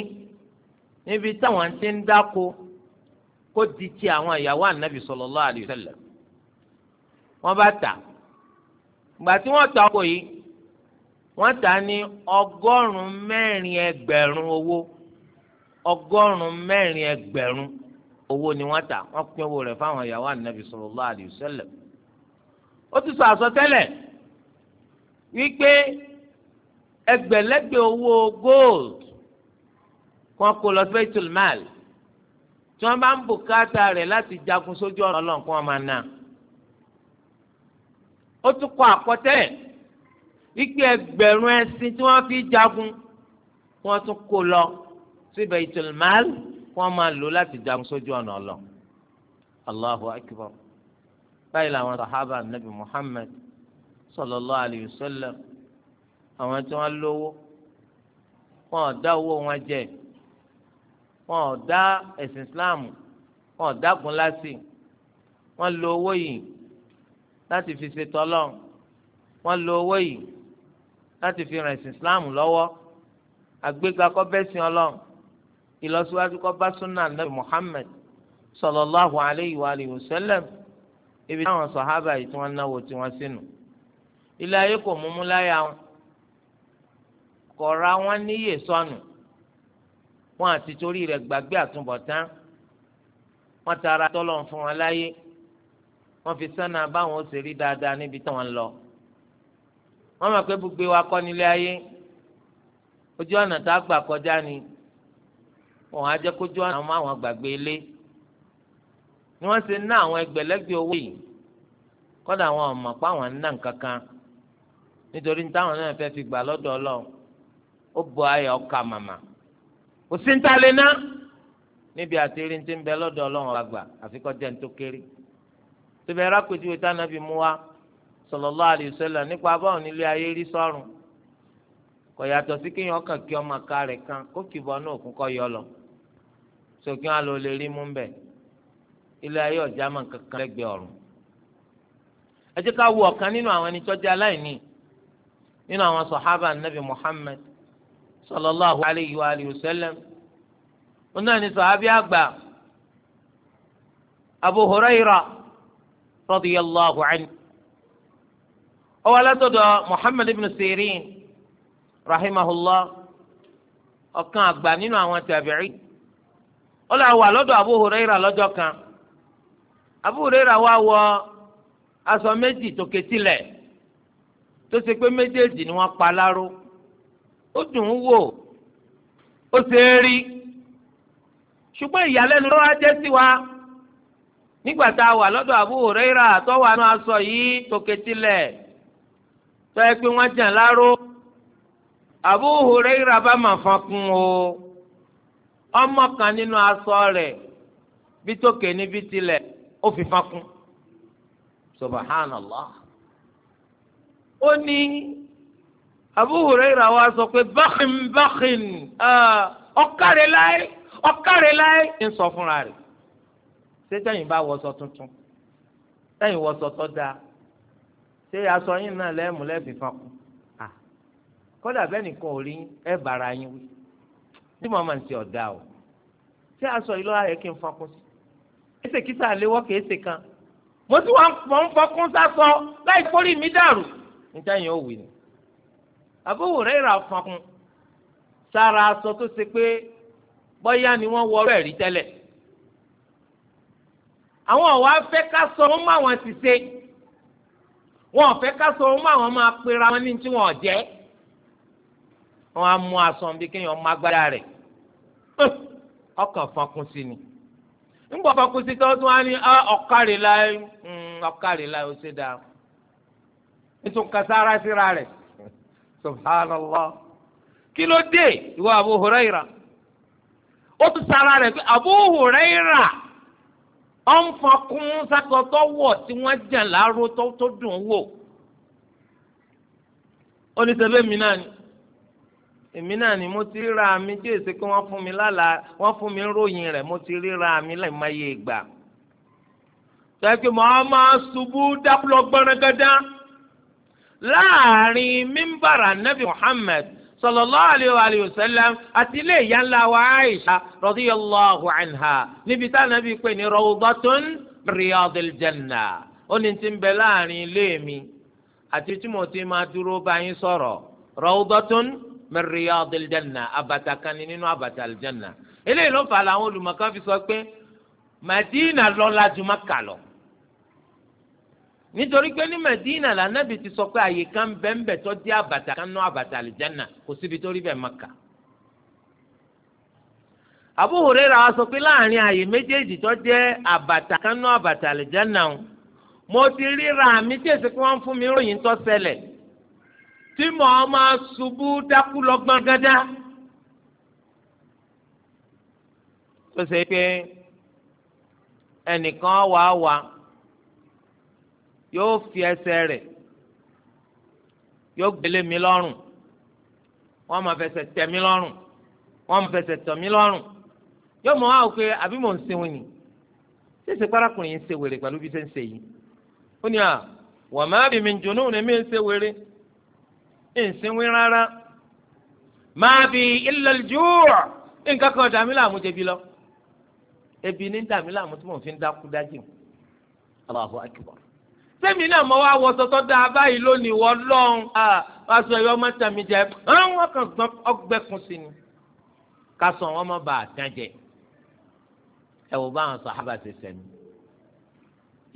níbi táwọn ti ń dáko kó di àwọn ìyàwó anabi sallallahu alayhi wọ́n bá gbà tí wọ́n ta yìí wọ́n ta ní ọgọ́rùn-ún mẹ́rin ẹgbẹ̀rún owó ni wọ́n tà wọ́n pín owó rẹ̀ fáwọn ìyàwó ànábì sallallahu alaihi wasallam ó ti sọ àsọtẹ́lẹ̀ wípé ẹgbẹ̀lẹ́gbẹ̀ owó gold kan kó lọ sí Baitul Mal tí wọ́n bá ń bùkátà rẹ̀ láti jagun sójú ọ̀nà ọlọ́run kí máa ná ó tún kọ àkọtẹ́lẹ̀ wípé ẹgbẹ̀rún ẹṣin tí wọ́n fi jagun wọ́n tún kó lọ sí baitul mal wọ́n máa lò láti jagun sójú ọ̀nà ọ̀lọ́ allahu akbar báyìí làwọn sahaba nabi muhammad sallallahu alayhi wa sallam àwọn tí wọ́n lówó wọn ò dá owó wọn jẹ wọn ò dá ẹ̀sìn islam wọn ò dágun lásì wọ́n lo owó yìí láti fi ṣe tọ́lọ́ wọ́n lo owó yìí láti fi ràn ẹ̀sìn islam lọ́wọ́ àgbéga kọ́bẹ́sìn ọlọ́run ìlọsíwájú kọ́ bá súnà nàbì Muhammad sallallahu alayhi wa alihi wa sallam ibi táwọn sọ̀hábà yìí tí wọ́n náwó tí wọ́n sínú. ilé ayé kò mú mú láyà wọn kò ra wọn níyè sọnù wọn àti torí rẹ̀ gbàgbé àtúbọ̀tán wọn tara tọ́lọ̀ fún wọn láyé wọn fi sánà báwọn ó ṣe dáadáa níbi táwọn lọ. wọn mọ̀ pé gbogbo wa kọ́ nílé ayé ojú ọ̀nà tá a gbà kọjá ni. òun á jẹ́ kójú ọ̀nà àwọn àwọn gbàgbé ilé ni wọ́n ti ná àwọn ẹgbẹ̀lẹ́gbẹ̀ owó yìí kọ́dà àwọn ọmọ pa àwọn ń ná nǹkan kan nítorí táwọn náà fẹ́ fi gbà lọ́dọ̀ ọlọ́run ó bọ ayọ̀ ọkà màmá kò sí ń ta lè ná níbi àti ń bẹ lọ́dọ̀ ọlọ́run àfikọ́ jẹ́ ń tó kéré fi mú wa nípa nílé ayé rí sọ́run yàtọ̀ sí kéèyàn kí ọmọ ká sókè wọn lọ lè rí mú bẹ ilé ayé ọjà mọ kankan lẹ́gbẹ̀ẹ́ ọ̀run ẹ jẹ́ ká wo ọ̀kan nínú àwọn ẹni tó jẹ́ aláìní nínú àwọn sọhábà nàbì Muhammad sallallahu alayhi wa alihi wa sallam wọn náà ní sọhábì àgbà Abu Huraira radiyallahu anhu ọwọ alátọdọ Muhammad ibn Sirin rahimahullah ọ̀kan àgbà nínú àwọn tabi'in. ó là wà lọ́dọ̀ Abu Huraira lọ́jọ́ kan Abu Huraira wá wọ aṣọ méjì tòkè tilẹ̀ tó ṣe pé méjèèjì ni wọ́n pa láró ó dùn ún wò ó ṣe é rí ṣùgbọ́n ìyàlẹ́nu ló wá jẹ́ sí wa nígbà tá a wà lọ́dọ̀ Abu tó wà nù aṣọ yìí tòkè tilẹ̀ tó yẹ pé wọ́n láró bá mà o. ọmọ kan nínú aṣọ rẹ̀ bí tókè níbi tilẹ̀ ó fi fakún subhanallah ó ní Abu Hurairah wa sọ pé bákin bákin ọ̀kàrẹ̀ láì ọ̀kàrẹ̀ láì ń sọ fúnra rẹ̀ ṣé tẹ̀yìn bá wọṣọ tuntun tẹ̀yìn wọṣọ tó dáa ṣé aṣọ yín náà lẹ́mú lẹ́ẹ̀fì fakún kódà bẹ́ẹ̀ nìkan ò rí ẹ bára yín wí tí mo máa ń ṣe ọ̀dà o ṣé aṣọ yìí lọ́wọ́ ayẹ kí n fọkún sí ẹsẹ̀ kíta léwọ́ kì í ṣe kan mo ti wá ń fọkún sásọ láì forí mi dàrú níta yẹn ò wí ni Abu Hurairah fọkún sára aṣọ tó ṣe pé bọ́yá ni wọ́n wọ ọ̀rọ̀ ẹ̀rí tẹ́lẹ̀ àwọn ọ̀wá fẹ́ ká sọ wọn máa wọn ti ṣe wọn ò fẹ́ ká sọ wọn máa wọn máa pera wọn ní tí wọn ò jẹ́ wọn á mú aṣọ bí kéèyàn má gbára rẹ̀ ọkàn fọkùn sí ni ńgbọ́ fọkùn sí tó tún wá ní ọ̀kárì láì ọ̀kárì láì ó ṣe dáa nítorí kasára síra rẹ̀ subhanallah kí ló dé ìwọ ó tún sára rẹ̀ pé Abu ó ń fọkùn sákòtò wọ̀ tí wọ́n jẹ̀ láàrú tó dùn wò ó ní mi náà ni. èmi náà ni mo ti ríra mi tí èsì pé wọ́n fún mi lálàá wọ́n fún mi ròyìn rẹ̀ mo ti ríra mi láì má yé gbà. sẹ́kì màá máa ṣubú dákúlọ̀ gbọ́nrẹ́gẹ́dá láàrin mímbàrà nabi Muhammad sallallahu alayhi wa sallam àti ilé ìyá ńlá wa Aisha radiyallahu anha níbi tá nàbí pé ní rawdatun riyadil ó ní ti ń bẹ láàrin ilé mi àti tí mo ti máa dúró báyìí sọ̀rọ̀ rawdatun min riyadil janna abata kan ni nínú abata aljanna eléyìí ló fà láwọn olùmọ̀kan fi sọ pé madina lọ́lá ju maka lọ nítorí pé ní madina lànàbì ti sọ pé àyè kan bẹ́ẹ̀nbẹ́ẹ́ tó dé abata kan nínú abata aljanna kò síbi tó rí bẹ́ẹ̀ maka Abu Hurairah wa sọ pé láàrin àyè méjèèjì tó dé abata kan nínú abata aljanna mo tí mò ń máa ṣubú dákú lọ gbọ̀ngàdá. tó ṣe pé ẹnìkan wà wá yóò fi ẹsẹ̀ rẹ̀ yóò gbélé mi lọ́rùn wọ́n máa fẹsẹ̀ tẹ̀ mí lọ́rùn wọ́n máa fẹsẹ̀ tọ̀ mí lọ́rùn yóò mọ̀ wá pé àbí mò ń sinwó ni ṣèṣe párakùnrin ń ṣe wèrè pẹ̀lú bí ṣe ń ṣe yìí ó ní à wọ́n máa bì mí jùnú ni mí ń ṣe wèrè nsìnwín rárá máa bi illal juu' nǹkan kan dàmí làmú jẹbi lọ ebi ní dàmí làmú tí mò ń fi dákú dájú Allahu akbar sẹ́mi náà mo wá wọ sọ́tọ́ dá a báyìí lónìí wọ́n lọ́n aṣọ ẹ̀yọ́ mọ́tà mi jẹ́ wọ́n kàn gbọ́n ọgbẹ́kun sí ni ká sọ wọn má bàa tán jẹ ẹ wò báwọn sàhábà ṣe sẹ́mi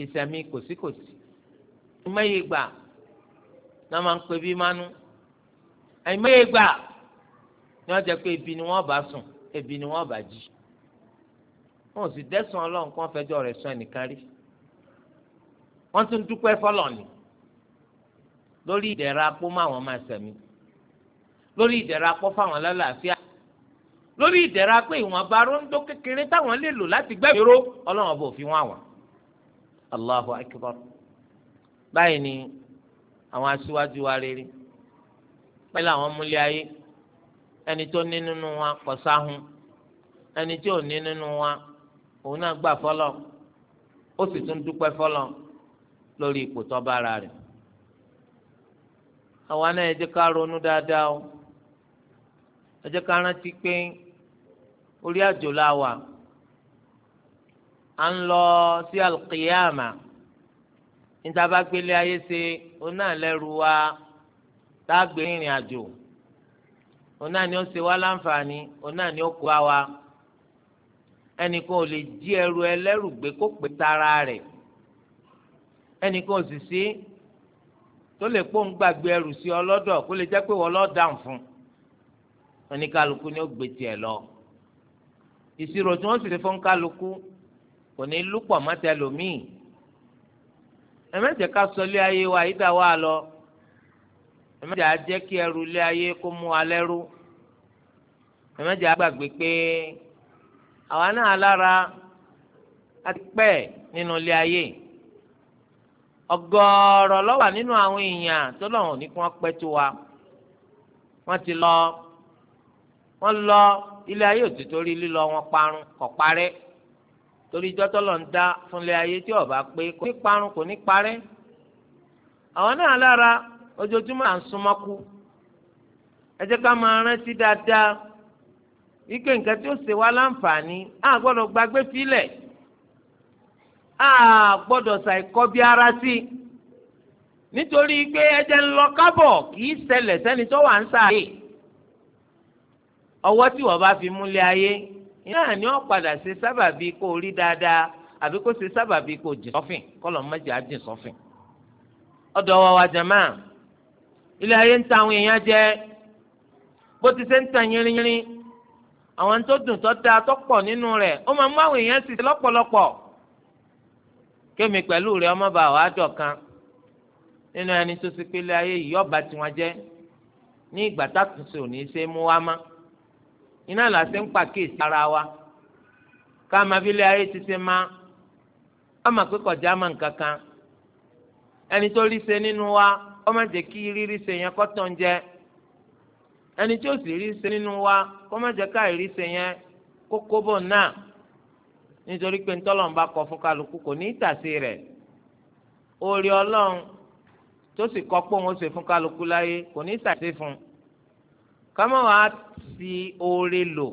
ìsẹ̀mí kòsíkòsí mẹ́yìí gbà náà máa ń pè bí mánú àìmọye gbà ni wọ́n jẹ pé ebi ni wọ́n bá sùn ebi ni wọ́n bá jí wọn ò sì dẹ́sùn ọlọ́run kó wọ́n fẹjọ́ rẹ̀ sùn ẹnìkan rí wọ́n tún dúpẹ́ fọlọ́ ni lórí ìdẹ̀ra apó máwọn máa sẹ̀mí lórí ìdẹ̀ra apó fáwọn lálàáfíà lórí ìdẹ̀ra pé ìwọ̀nba róńdó kékeré táwọn lè lò láti gbẹ́mìíró ọlọ́run ọba òfin wọn àwọn Allahu akbar báyìí ni àwọn aṣíwájú wa rere pẹ̀lú àwọn múlẹ̀ ayé ẹni tó ní nínú wa kò sáhùn ẹni tí ò ní nínú wa òun náà gbà fọlọ́ ó sì tún dúpẹ́ fọlọ́ lórí ipò tó ara rẹ̀ àwa náà ẹ ká ronú dáadáa o ká rántí pé orí àjò la wà à ń lọ sí alqiyama níta bá gbélé ayé ṣe òun náà tá a gbé rìnrìn àjò òun náà ni ó ṣe wá láǹfààní òun náà ni ó kó bá wa ẹnìkan ò lè jí ẹrù ẹlẹ́rù gbé kó pè tara rẹ̀ ẹnìkan ò sì sí tó lè pọ́n gbàgbé ẹrù sí ọlọ́dọ̀ kó lè jẹ́ pé wọ́n fún oníkálukú ni ó gbé tiẹ̀ lọ ìṣirò tí wọ́n sì ti fún kálukú kò ní lúpọ̀ mọ́tẹ́lómìn ẹ̀mẹ́jẹ̀ ká sọlé ayé wa yídà wá lọ ẹ̀mẹ́jà jẹ́ kí ẹrù ilé ayé kó mú alẹ́ rú ẹ̀mẹ́jà gbàgbé pé àwa náà lára a ti pẹ́ nínú ilé ayé ọ̀gọ̀ọ̀rọ̀ ló wà nínú àwọn èèyàn tó lọ́wọ́ ní kí wọ́n pẹ́ tó wa wọ́n ti lọ wọ́n lọ ilé ayé ò ti torí lílọ wọn parun kọ̀ parẹ́ torí jọ́tọ́ lọ ń dá fúnlé ayé tí ó pé kò ní parun kò ní parẹ́ àwọn náà lára. ojoojúmọ́ à ń súnmọ́ kú ẹ jẹ́ ká máa rántí dáadáa wípé nǹkan tí ó ṣe wá láǹfààní á gbọ́dọ̀ gbàgbé sílẹ̀ á gbọ́dọ̀ ṣàìkọ́ bí ara sí i nítorí pé ẹ̀jẹ̀ ń lọ kábọ̀ kì í ṣẹlẹ̀ sẹ́ni tó wà ń sáré ọwọ́ tí wọ́n bá fi múlẹ̀ ayé náà ni wọ́n padà ṣe sábàbí kó rí dáadáa àbí kó ṣe sábàbí kó jìn sọ́fìn kọ́lọ̀ mẹ́jẹ̀ á jìn sọ́fìn wa wa jẹ̀ máa ilé ayé ń ta àwọn èèyàn jẹ bó ti ṣe ń ta yínrínyín àwọn tó dùn tó da tó pọ̀ nínú rẹ̀ ó máa mú àwọn èèyàn sì lọ́pọ̀lọpọ̀ kémi pẹ̀lú rẹ̀ ọmọ bá wàá dọ̀kan nínú ẹni tó ti pélé ayé yìí ọba tiwọn jẹ ní ìgbà tàtúnṣe òní ṣe mú wa má iná làṣẹ ń ara wa ká máa bí ilé ayé ti ṣe má ká máa pé kọjá máa ń kankan ẹni tó rí ṣe nínú wa. kọ́má jẹ́ kí rírí ṣe yẹn kọ́tọ̀ ń jẹ ẹni tí ó sì rí ṣe nínú wa kọ́má jẹ́ ká rírí ṣe yẹn kókó bò náà nítorí pé ntọ́lọ́n bá kọ fún kálukú kò ní ìtàsí rẹ̀ orí ọlọ́run tó sì kọ́ pé òun ṣe fún kálukú láyé kò ní ìtàsí fún un wàá ti oore lò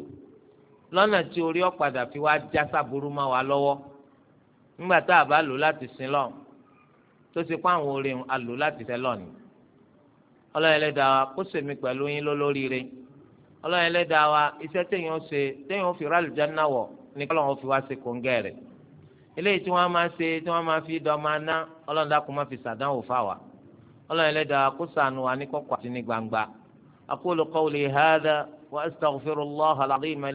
lọ́nà tí orí ọ̀padà fi wá já sábúrú mọ́ wa lọ́wọ́ nígbà tá a bá lò láti sin lọ́run tó ṣe pé àwọn orin alò láti tẹ́ lọ́ọ̀nì ọlọ́run ẹlẹ́dàá wa kó sèmi pẹ̀lú yín lólóríire ọlọ́run ẹlẹ́dàá wa iṣẹ́ téèyàn ṣe téèyàn fi rálù jáná wọ̀ ní kọ́lọ́run fi wá ṣe kóńgẹ́ rẹ̀ eléyìí tí wọ́n máa ṣe tí wọ́n máa fi dọ́ máa ọlọ́run dákun má fi ṣàdánwò fáwa ọlọ́run ẹlẹ́dàá wa kó ṣàánú wa ní kọ̀kọ̀ àti ní gbangba aqulu qawli hadha wa astaghfirullaha al-azima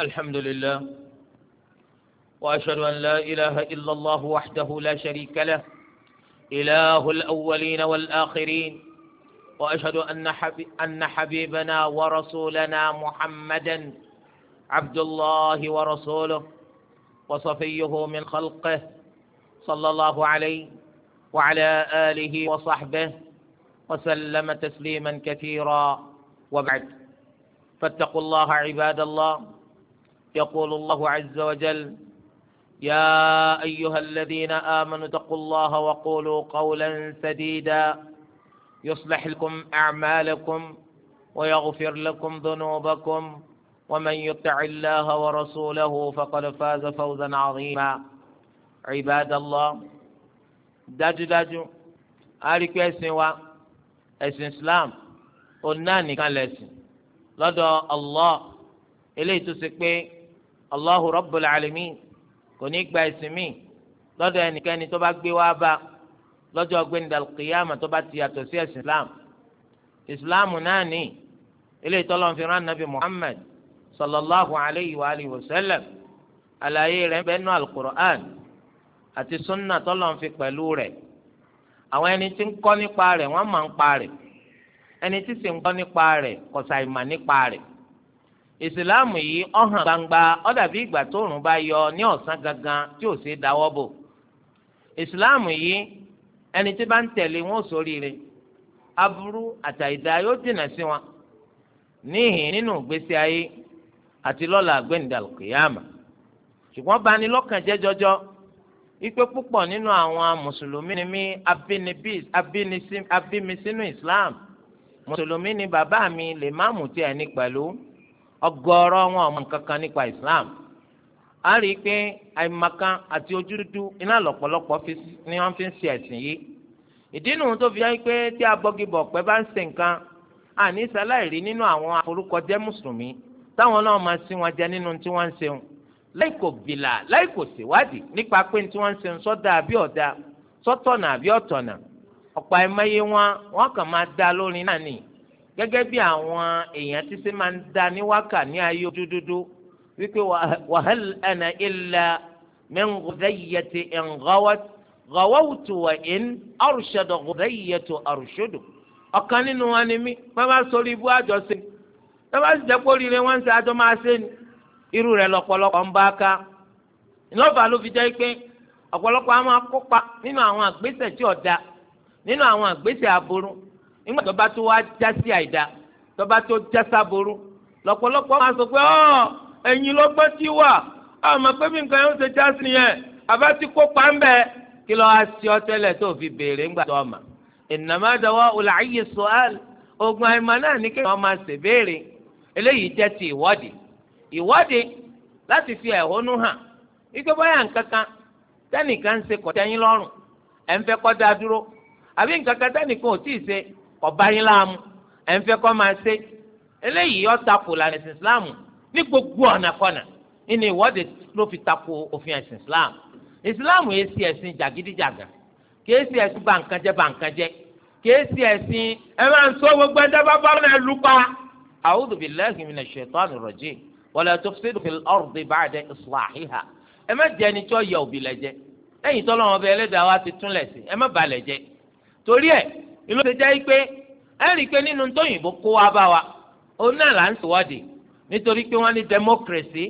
الحمد لله وأشهد أن لا إله إلا الله وحده لا شريك له إله الأولين والآخرين وأشهد أن, حبي أن حبيبنا ورسولنا محمدا عبد الله ورسوله وصفيه من خلقه صلى الله عليه وعلى آله وصحبه وسلم تسليما كثيرا وبعد فاتقوا الله عباد الله يقول الله عز وجل يا أيها الذين آمنوا اتقوا الله وقولوا قولا سديدا يصلح لكم أعمالكم ويغفر لكم ذنوبكم ومن يطع الله ورسوله فقد فاز فوزا عظيما عباد الله داج داج اريك wa ẹ̀sìn islam òun náà اسن لدى الله اليه eléyìí allahu rabbul alamin kò ní gba ẹ̀sìn mi lọ́dọ̀ ẹnikẹ́ni tó bá gbé wá bá lọ́jọ́ gbẹ̀ndà kìyàmà tó bá ti yàtọ̀ sí ẹ̀sìn islam islam náà ni ilé ìtọ́lọ́n fi rán nabi muhammad sallallahu alayhi wa alihi wa sallam àlàyé rẹ̀ bẹ́nu alukur'an àti sunna tọ́lọ́n fi pẹ̀lú rẹ̀ àwọn ẹni tí ń kọ́ nípa rẹ̀ wọ́n máa ń pa rẹ̀ ẹni tí sì ń kọ́ nípa rẹ̀ kọ̀sà ìmà nípa rẹ̀ ìsìláàmù yìí ọ̀hàn gbangba ó dàbí ìgbà tóòrùn bá yọ ní ọ̀sán gangan tí ò ṣe dáwọ́ bò ìsìláàmù yìí ẹni tí bá ń tẹ̀lé wọn ò sóríire aburú àtàìdá yóò dènà sí wọn níhìn nínú ìgbésí ayé àti lọ́la àgbẹ̀ǹdàlùkìyàmà ṣùgbọ́n bani lọ́kàn jẹ́ jọjọ ipe púpọ̀ nínú àwọn mùsùlùmí ni mí abínisínú islam mùsùlùmí ni bàbá mi lè má mú tiẹ̀ ní pẹ̀lú ọ̀gọ̀rọ̀ wọn ò kankan nípa islam a rí i pé àìmọ̀kan àti ojú dúdú iná lọ́pọ̀lọpọ̀ ni wọ́n fi ń ṣe ẹ̀sìn yìí ìdí nù tó fi yẹ pé tí abọ́gibọ̀ pẹ́ bá ń ṣe nǹkan àní sáláìrí nínú àwọn aforúkọjẹ́ mùsùlùmí táwọn náà máa sí wọn jẹ nínú tí wọ́n ń ṣeun láì kò bìlà láì kò ṣèwádìí nípa pé tí wọ́n ń ṣeun sọ́dà àbí ọ̀dà sọ́tọ̀nà àbí ọ̀tọ̀nà ọ̀pọ̀ àìmọye wọn wọn kàn máa dá lórí náà nìyí gẹ́gẹ́ bí àwọn èèyàn títí máa ń da ní wákà ní ayé dúdúdú wípé wàhálà ẹnà ìlà mẹ́ngùdáyẹtì ẹ̀ngọ́wọ́tù wà ìn àrùṣẹ́dọ̀ gùdáyẹtù àrùṣẹ́dọ̀ ọ̀kan nínú wọn ni mí wọ́n bá sọ̀rọ̀ ibú àjọṣe wọ́n bá sì jẹ́ pé oríire wọn ń ṣe àjọ máa ṣe ni irú rẹ̀ lọ́pọ̀lọpọ̀ ń bá ká ìlọ́fà ló fi jẹ́ pé ọ̀pọ̀lọpọ̀ á máa nínú àwọn àgbésẹ̀ tí ọ̀dà nínú àwọn àgbésẹ̀ aburú nígbà tó bá tó wá já sí àìda tó bá tó já sáboru lọ́pọ̀lọpọ̀ máa sọ pé ọ ẹ̀yin ló gbọ́ tí wà àmọ́ pé bí nǹkan yóò ṣe já sí yẹn àbá ti kópa ń bẹ kí lọ́ wá sí ọ tẹ́lẹ̀ tó fi béèrè ńgbà tó ọmọ ìnàmá dọwọ́ ọ̀làyé sọ́àl ogun àìmọ̀ náà ní kéèyàn máa ṣe béèrè eléyìí jẹ́ ti ìwọ́de ìwọ́de láti fi ẹ̀hónú hàn ike báyà nǹkankan tẹ́nìkan ń ṣe kọ̀tẹ́yìn lọ́rùn ẹ̀ ń fẹ́ kọ́ da dúró àbí nǹkankan tẹ́nìkan ò tíì ṣe ọba yín láàmú ẹ̀ ń fẹ́ kọ́ máa ṣe eléyìí ó tako ìlànà ẹ̀sìn islam ní gbogbo ọ̀nà kọ́nà nínú ìwọ́de ló fi tako òfin ẹ̀sìn islam islam yìí ṣe ẹ̀sìn jàgídíjàgà kìí ṣe ẹ̀sìn bàǹkànjẹ́ bàǹkànjẹ́ kìí ṣe ẹ̀sìn ẹ máa ń sọ gbogbo ẹ̀dá bàbá rẹ̀ lù pa. a'udhu billahi minash shaitanir rajim wala tufsidu tó yẹ òbí lẹ́jẹ́ lẹ́yìn tọ́lọ́wọ́n ìlú ti jẹ́ pé ẹ rí i pé nínú tóyìnbó kó wa bá wa òun náà là ń ṣèwádìí nítorí pé wọ́n ní democracy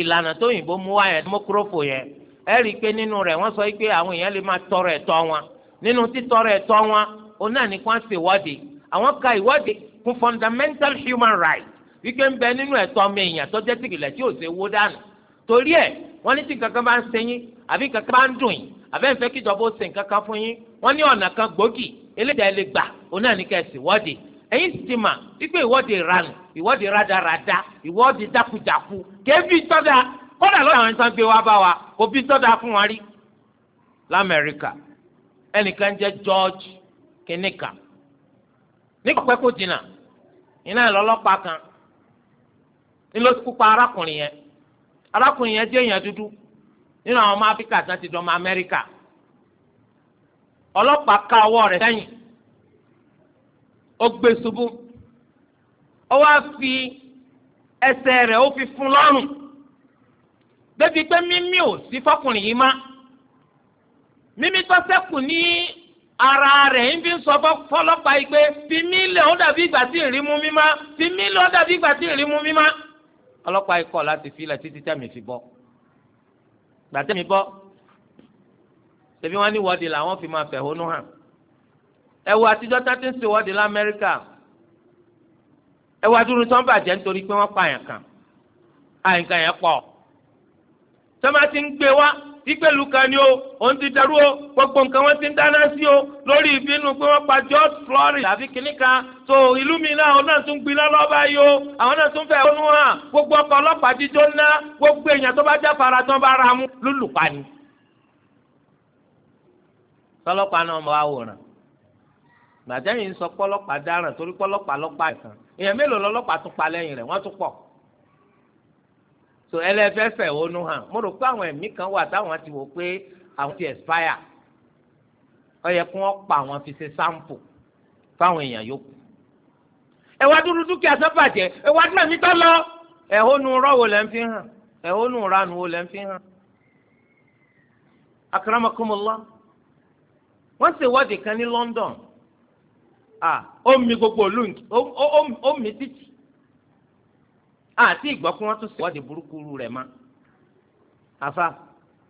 ìlànà tóyìnbó mú wa yẹn democrofo yẹn ẹ rí i pé nínú rẹ̀ wọ́n sọ pé àwọn èèyàn lè máa tọrọ ẹ̀tọ́ wọn nínú títọrọ ẹ̀tọ́ wọn òun náà ní kí wọ́n ṣèwádìí àwọn ka ìwádìí fún fundamental human rights wípé ń bẹ nínú ẹ̀tọ́ ọmọ èèyàn tó jẹ́ tìkìlẹ̀ tí ò ṣe wó dànù torí ẹ̀ wọ́n ní tí kankan bá ń ṣe yín àbí kankan bá ń dùn yín àbẹ́ǹfẹ́ kíjọba ó ṣe fún yín wọ́n ní ọ̀nà kan gbòógì eléyìí ẹ lè gbà òun náà ní ká ẹ sì wọ́de ẹ̀yin sì ti mà wípé ìwọ́de ìranù ìwọ́de rádaràda ìwọ́de dákujàku kébí tọ́da kọ́dà lọ́dọ̀ àwọn ìtàn gbé wá bá wa kò tọ́da fún wa rí ẹnìkan George kìnìkan nígbà pẹ́ dínà iná ìlọ́lọ́pàá kan nílò tó kópa arákùnrin yẹn arákùnrin yẹn jẹ́ èèyàn dúdú nínú àwọn ọmọ áfíríkà tán ti ọlọ́pàá ká ọwọ́ rẹ̀ sẹ́yìn ó gbé ṣubú ó wá fi ẹsẹ̀ rẹ̀ ó fi fún lọ́rùn débi pé mímí ò sí fọkùnrin yìí mímí tó ní ara rẹ̀ ń fi sọ fọlọ́pàá yìí pé fi mí lẹ̀ ó dàbí mú mi má fi mí lẹ̀ ó dàbí ìgbà tí mú mi má ọlọ́pàá fi ilẹ̀ títí tẹ̀mí fi bọ́ gbàtẹ́mi bọ́ ṣebí wọ́n ní wọ́ọ̀dì làwọn fi máa fẹ̀hónú hàn ẹ wo àtijọ́ tá ti ń ṣe wọ́ọ̀dì lamẹ́ríkà ẹ wo adúrú tó ń bàjẹ́ nítorí pé wọ́n pààyàn kan àyìnkan yẹn pọ̀ tọ́mà ti ń gbé wá ìgbèlú kan ni o òun ti dàrú o gbogbo nǹkan wọn ti ń dáná sí o lórí ìbínú pé wọn pa George Floyd àfi kìnnì kan tó ìlú mi náà àwọn náà tún gbiná lọ́ba yìí o àwọn náà tún fẹ́ẹ́ wọnú hàn gbogbo ọkọ̀ ọlọ́pàá jíjó ńlá gbogbo èèyàn tó bá jáfara tán bá ra mú lólùpàá ni. Tọlọpàá náà mọ àwòrán ń sọ pọlọpàá dáràn torí pọlọpàá lọ́pàá èèyàn mélòó lọlọpàá tún pa rẹ̀ wọ́n tún pọ̀ so ẹlẹ́fẹ́fẹ́ ònú hàn mo pé àwọn ẹ̀mí kan wà táwọn ti wò pé àwọn ti kí pa àwọn fi ṣe fáwọn èèyàn yòókù dúró dúkìá wọ́n ṣe ìwọ́de kan ní London ah ó mi gbogbo olú ó mi títì àti ìgbọ́ kí wọ́n tún ṣe ìwọ́de burúkú rẹ̀ mọ́ àfa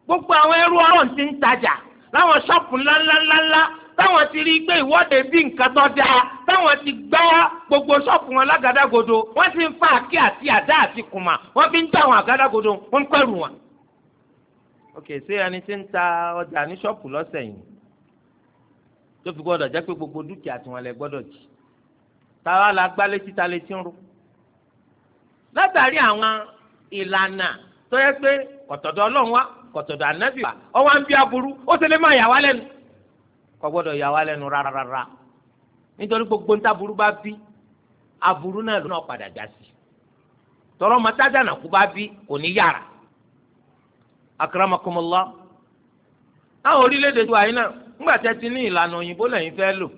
gbogbo àwọn ẹrú ọlọ́run ti ń tajà láwọn ṣọ́ọ̀pù ńláńláńlá táwọn ti rí i pé ìwọ́de bí nǹkan tó dáa táwọn ti gbá gbogbo ṣọ́ọ̀pù wọn lágàdàgodo wọ́n ti ń fa àkí àti àdá àti kùmà wọ́n fi ń tà wọn àgàdàgodo wọ́n ń pẹ̀rù wọn. ok ṣé ẹni tí ń ta ọjà ní ṣọ́ọ̀pù lọ́sẹ̀ yìí tó fi jẹ́ pé gbogbo dúkìá tí wọ́n lẹ jì táwa la gbá létí ta létí ń látàrí àwọn ìlànà tó yẹ pé kọtọdọ ọlọ́run wá kọtọdọ ànábì wá ọwọ́ à aburú ó sì lè má yà wá lẹ́nu kò gbọ́dọ̀ yà wá nítorí gbogbo tọrọ ọmọ tájànà kú bá bí kò ní yàrá táwọn ńgbà tẹ́ ti ní ìlànà òyìnbó lẹ́yìn fẹ́ lò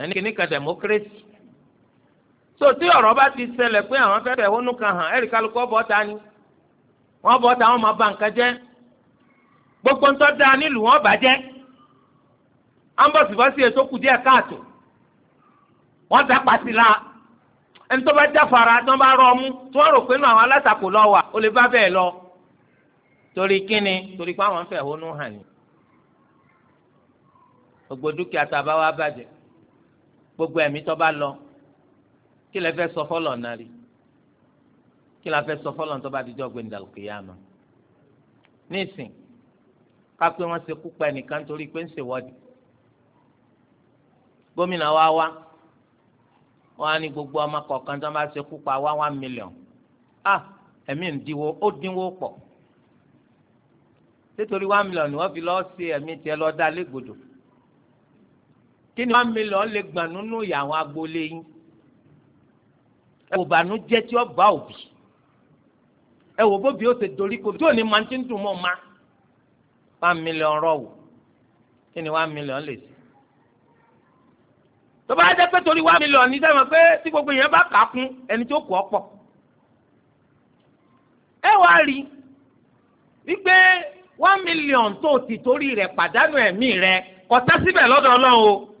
ẹni kìíní kan democracy so tí ọ̀rọ̀ bá ti ṣẹlẹ̀ pé àwọn fẹ́ fẹ̀hónú kan hàn ẹ̀rí kálukọ́ bọ́ ta ni wọ́n bọ́ ta wọ́n máa ba nǹkan jẹ́ gbogbo ń tọ́ da nílùú wọn bàjẹ́ ambọ̀sibọ́sì ètò kù díẹ̀ káàtó wọ́n da pàṣẹ la ẹni tó bá jáfara tó bá rọ ọmú tí wọ́n rò pé nù àwọn alátakò lọ wà ó lè bá bẹ́ẹ̀ lọ torí kíni torí pé àwọn fẹ̀hónú hàn ni gbogbo dúkìá tá a bá wá bàjẹ́ gbogbo ẹ̀mí tó bá lọ kí lẹ fẹ́ sọ fọlọ̀ náà rí kí lẹ fẹ́ sọ fọlọ̀ tó bá dijọ́ gbẹ̀ndàlù kìyàmà nísìn kápẹ́ wọn ṣe kúpa ẹnìkan nítorí pé ń ṣèwọ́de gómìnà wa wá wọn á ní gbogbo ọmọ kọ̀ọ̀kan tó bá ṣe kúpa wá one million ah ẹ̀mí ń dínwó ó dínwó pọ̀ nítorí one million ni wọ́n fi lọ́ọ́ ṣe ẹ̀mí tiẹ̀ lọ́ọ́ dá lẹ́gbọ̀dọ̀ kí ni one million lè gbà nínú ìyá àwọn agboolé yín ẹ wò bànújẹ́ tí ó bá òbí ẹ wò bóbi ó ti dorí kò tí ò ní máa ti ń dùn mọ́ ma one million rọ̀ wò kí ni one million lè sí tó bá jẹ́ pé torí one million ní sẹ́wọ̀n pé tí gbogbo yẹn bá kà á kún ẹni tó kù ọ́ pọ̀ ẹ wàá rí wípé one million tó ti torí rẹ̀ pàdánù ẹ̀mí rẹ̀ kọ̀tá síbẹ̀ lọ́dọ̀ ọlọ́run o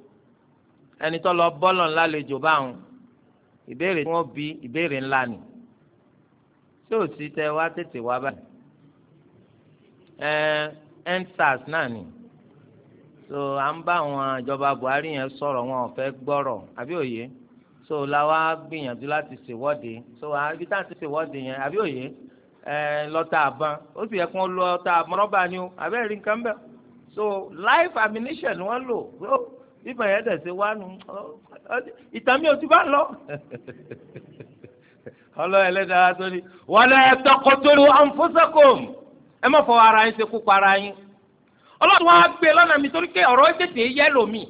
ẹni tó lọ bọ́lọ̀ ńlá lejò báwọn ìbéèrè tí wọ́n bi ìbéèrè ńlá ni tí ò sí tẹ wá tètè wá báyìí ẹ endsars náà ni so à ń bá àwọn ìjọba Buhari yẹn sọ̀rọ̀ wọn ò fẹ́ gbọ́rọ̀ àbí òye so la wá gbìyànjú láti ṣèwọ́de so àbí tá à ti ṣèwọ́de yẹn àbí òye ẹ lọ́tà àbọ̀n ó sì yẹ kí wọ́n lọ́tà àbọ̀n rọ́bà ni o àbẹ́rẹ́ nǹkan bẹ́ẹ̀ so life ammunition wọ́n lò so bíbọn yẹn dẹ̀ ṣe wá nu ìtàmì ò ti bá lọ. ọlọ́run ẹlẹ́dàá tó ní wàlẹ̀ ẹ̀tọ́kọ̀tọ́rọ̀ ànfọ́sẹ́kọ̀m ẹ má fọ ara yín ṣe kú para yín. ọlọ́run wa gbé e lọ́nà mi torí pé ọ̀rọ̀ tètè yẹ lómi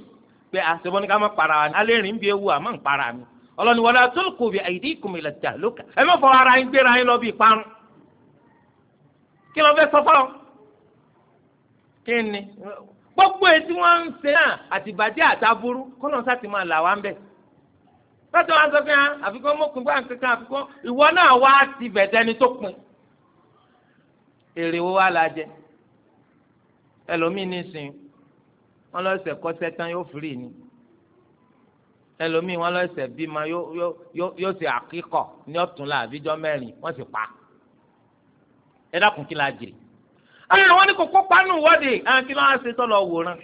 pé àṣebọ́ ni ká má para wa ni alẹ́ rìn bí ewu àmọ́ ń para mi. ọlọ́run wàlẹ̀ àtọ́lùkù bí àyídí ìkùnmí ilẹ̀ tà lóka ẹ má fọ ara yín gbéra yín lọ bí ìparun. kí ló fẹ́ sọ fáwọn kí ni gbogbo etí wọn ń ṣe náà àtìbàjẹ́ àtàbúrú kọ́nà sá ti máa là wá ń bẹ̀. lọ́tọ̀ wọn sọ fún wa ah, àfikún mọ́kùn gbà kankan àfikún ìwọ náà wá ti bẹ̀tẹ̀ ni tó pin. èrè wo wá la jẹ ẹlòmíín nísìn wọn lọ sẹ kọsẹ tán yóò firi ni ẹlòmíín wọn lọ sẹ bímọ yóò ṣe àkíkọ ní ọ̀túnla àbíjọ mẹ́rin wọ́n sì pa ẹ dákun kí la jèrè àwọn ní kò kópa nù wọ́de àwọn kí ló wá ṣe tọ́lọ̀ wòran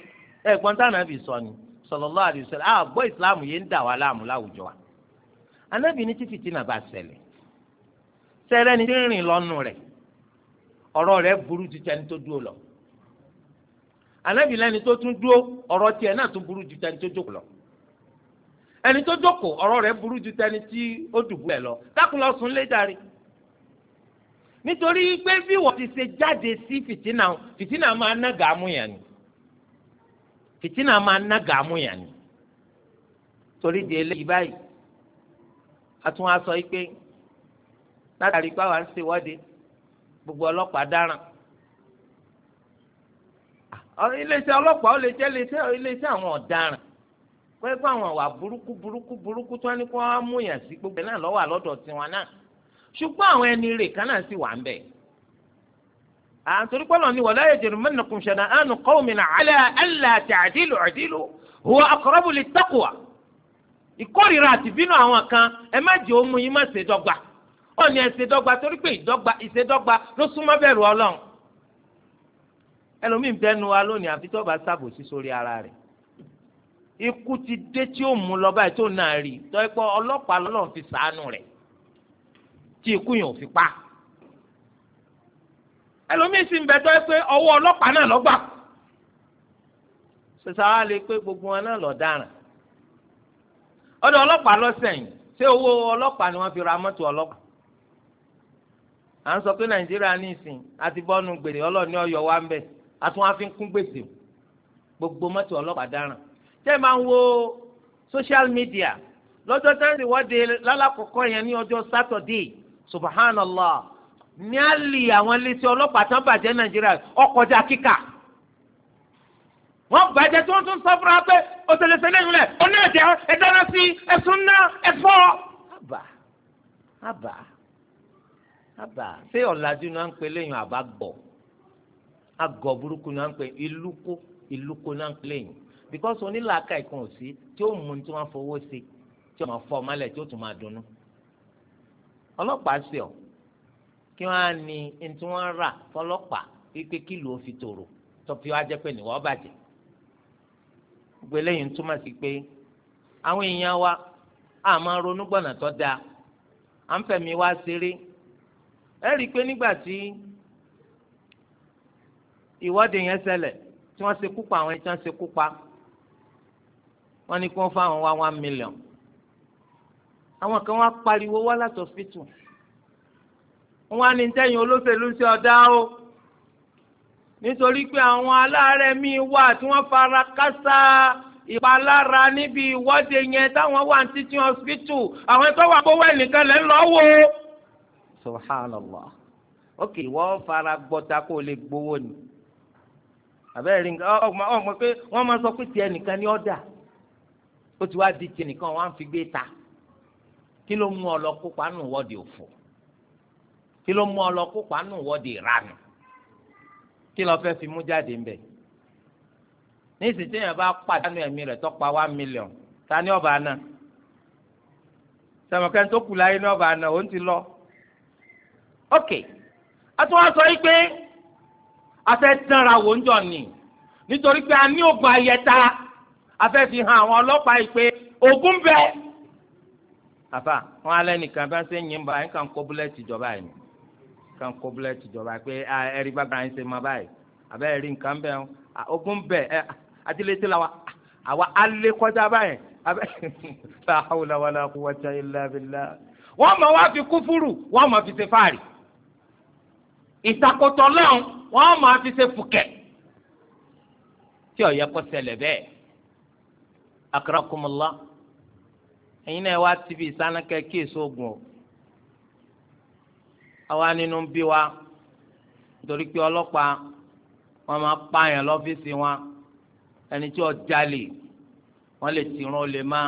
ẹ̀gbọ́n táwọn àbí sọ ni sallallahu alaihi wasallam àgbọ̀ ìsìláàmù yẹn ń dà wá láàmú láwùjọ wa anábì ní títí tí nàbà ṣẹlẹ̀ sẹ́rẹ́ ni rìn lọ́nu rẹ ọrọ rẹ burú ju tẹni tó dúró lọ anábì lẹ́ni tó tún dúró ọ̀rọ̀ tiẹ̀ náà tún burú ju tẹni tó jókòó lọ ẹni tó jókòó burú ju tẹni tí ó dùbú lọ lọ sùn lé nítorí pé bí wọ́n ti ṣe jáde sí fìtínà fìtínà máa ná gàámù yàn ni fìtínà máa ná gàámù yàn ni torí di eléyìí báyìí a tún wá sọ yìí pé látàrí pé àwọn ṣèwọ́de gbogbo ọlọ́pàá dáràn iléeṣẹ́ ọlọ́pàá ó lè jẹ́ iléeṣẹ́ àwọn ọ̀daràn pé pé àwọn àwà burúkú burúkú burúkú tí wọ́n ní kó wọ́n mú yàn sí gbogbo náà lọ́wọ́ àlọ́dọ̀ tiwọn náà ṣùgbọ́n àwọn ẹni rè kan náà sì wà ń bẹ̀. àtúntò pọ́lọ́ ni wala yajrimannakum shana'anu qawmin ala alla ta'dilu i'dilu huwa aqrabu lit-taqwa ìkórìíra àti bínú àwọn kan ẹ má jẹ́ ohun yín má ṣe dọ́gba wọ́n ní ẹ ṣe dọ́gba torí pé ìdọ́gba ìṣedọ́gba ló súnmọ́ bẹ̀rù ọlọ́run ẹlòmíín bẹnu wa lónìí àfi tó bá ṣàbòsí sórí tí ikú yẹn ò fi pa ẹlòmíín sì ń bẹ tọ́ pé ọwọ́ ọlọ́pàá náà lọ́gbà lè pé gbogbo wọn náà lọ dáràn ọ̀dọ̀ ọlọ́pàá lọ́sẹ̀yìn ṣé owó ọlọ́pàá ni wọ́n fi ra mọ́tò ọlọ́pàá à ń sọ pé nàìjíríà ní ìsìn àti bọ́ọ̀nù gbèrè ọlọ́ọ̀ni wa ń bẹ̀ gbogbo mọ́tò ọlọ́pàá dáràn ẹ máa ń wo social media lọ́jọ́ subhanallah ní àlì àwọn iléeṣẹ́ ọlọ́pàá tán bàjẹ́ nàìjíríà ọkọjà kíkà wọ́n bàjẹ́ tí wọ́n tún sọ fúnra pé òtẹlẹsẹ lẹ́yìn rẹ̀ ọ̀nà ẹ̀jẹ̀ ẹ̀dáná sí ẹ̀sùn náà ẹ̀fọ́. àbà àbà àbà ṣé ọ̀làjú náà ń pè lẹ́yìn àbá gbọ̀ àgọ̀ burúkú náà ń pè ìlúkó ìlúkó náà ń pè lẹ́yìn because onílàákà ìkan ò sí tí ó mú tí wọ́n fowó sí tí wọ́n fọ́ ọmọlẹ̀ tí ó tún máa dunnú ọlọ́pàá sí ọ kí wọ́n á ní ẹni tí wọ́n rà fọlọ́pàá wípé kí ló tòrò tọ́pì wá jẹ́ pé nìwọ́ bàjẹ́ gbogbo eléyìí ń túmọ̀ sí pé àwọn èèyàn wa a máa ronú gbọ̀nà tó dáa à ń fẹ̀mí wá ṣeré ẹ rí i pé nígbà tí ìwọ́de yẹn ṣẹlẹ̀ tí wọ́n ṣekú pa àwọn ẹni tí wọ́n ṣekú pa wọ́n ní kí wọ́n fáwọn wá one million àwọn kan wá pariwo wá láti hospital wọn á ní tẹ̀yìn olóṣèlú ṣe ọ̀dá o nítorí pé àwọn aláàárẹ̀ míì wà tí wọ́n fara kásá ìpalára níbi ìwọ́de yẹn táwọn wà ní teaching hospital àwọn ẹ̀tọ́ wà gbówó ẹnìkan lẹ́ ń lọ wò. subhanallah ok wọ́n fara gbọ́ta kó o lè gbowó ni àbẹ́rẹ́ ọmọ pé wọ́n máa sọ pé tiẹ̀ nìkan ni ọ̀dà ó ti wá di tiẹ̀ nìkan wọ́n á fi gbé ta. kí ló mú ọ lọ kópa nù wọ́ọ̀dì òfò kí ló mú ọ lọ kópa panu wọ́ọ̀dì ìranù kí fẹ́ fi mú jáde n'isi tí pàdánù ẹ̀mí rẹ̀ tọ́pa one million ta ní ọba náà sọmọkẹ́ tó kù láyé ní ọba náà ó ń ti lọ. ok sọ yìí pé afẹ́ tẹ́ra wò ń ni nítorí pé a ní ògùn ayẹta afẹ́ fi hàn àwọn ọlọ́pàá yìí pé ògùn bẹ́ẹ̀. àfà wọn alẹ́ nìkan bá ṣe ń yín bá yín kàn kó búlẹ́ẹ̀tì ìjọba yìí kàn kó búlẹ́ẹ̀tì ìjọba pé ẹ̀rí bá gbà yín ṣe máa báyìí àbẹ́ ẹ̀rí nǹkan bẹ́ẹ̀ ogun bẹ́ẹ̀ àtìlẹ́sí la wa àwa alẹ́ kọjá báyìí abẹ́ la hawla wala quwwata illa billah wọ́n máa wá fi kúfúrù wọ́n máa fi ṣe fáàrí ìtakòtò lọ́hùn wọ́n máa fi ṣe fùkẹ́ tí ó yẹ kó ṣẹlẹ̀ bẹ́ẹ̀ akrakumullah ẹ̀yin náà wá tv ìsánákẹ́ kí èso oògùn o àwa nínú ń bí wa nítorí pé ọlọ́pàá wọn máa pààyàn lọ́fíìsì wọn ẹni tí ó jalè wọn lè ti rán olè má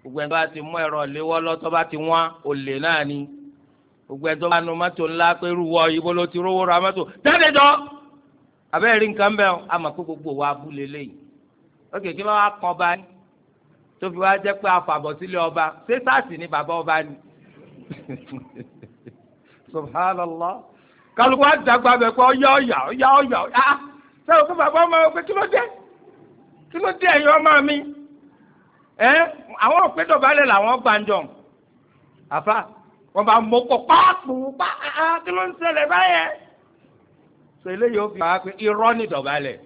gbogbo ẹni tó bá ti mú ẹ̀rọ léwọ́ lọ́tọ́ bá ti wọ́n olè náà ni gbogbo ẹni tó bá nu mọ́tò ńlá pé rúwọ ibo ló ti rówó ra mọ́tò jáde jọ abẹ́rẹ́ rí nǹkan bẹ́ẹ̀ àmọ́ pé gbogbo wa abúlé lẹ́yìn ó kèké bá wa kàn báyìí tó fi wá jẹ́ pé afàbọ̀ sílé ọba ṣé sáàsì ni bàbá ọba ni subhanallah kálukú àdàgbà bẹ̀ pé ọyá ọyà ọyá ọyà ah sẹ́wọ̀n fún bàbá ọmọ pé kí ló dé kí ló dé ẹ̀yin ọmọ mi ẹ àwọn òpétọ̀ balẹ̀ làwọn gbàǹjọ àfa wọn bá mọ́kọ páàpù pa kí ló ń ṣẹlẹ̀ báyẹn sọ eléyìí ó fi wá pé irọ́ ni dọ̀bálẹ̀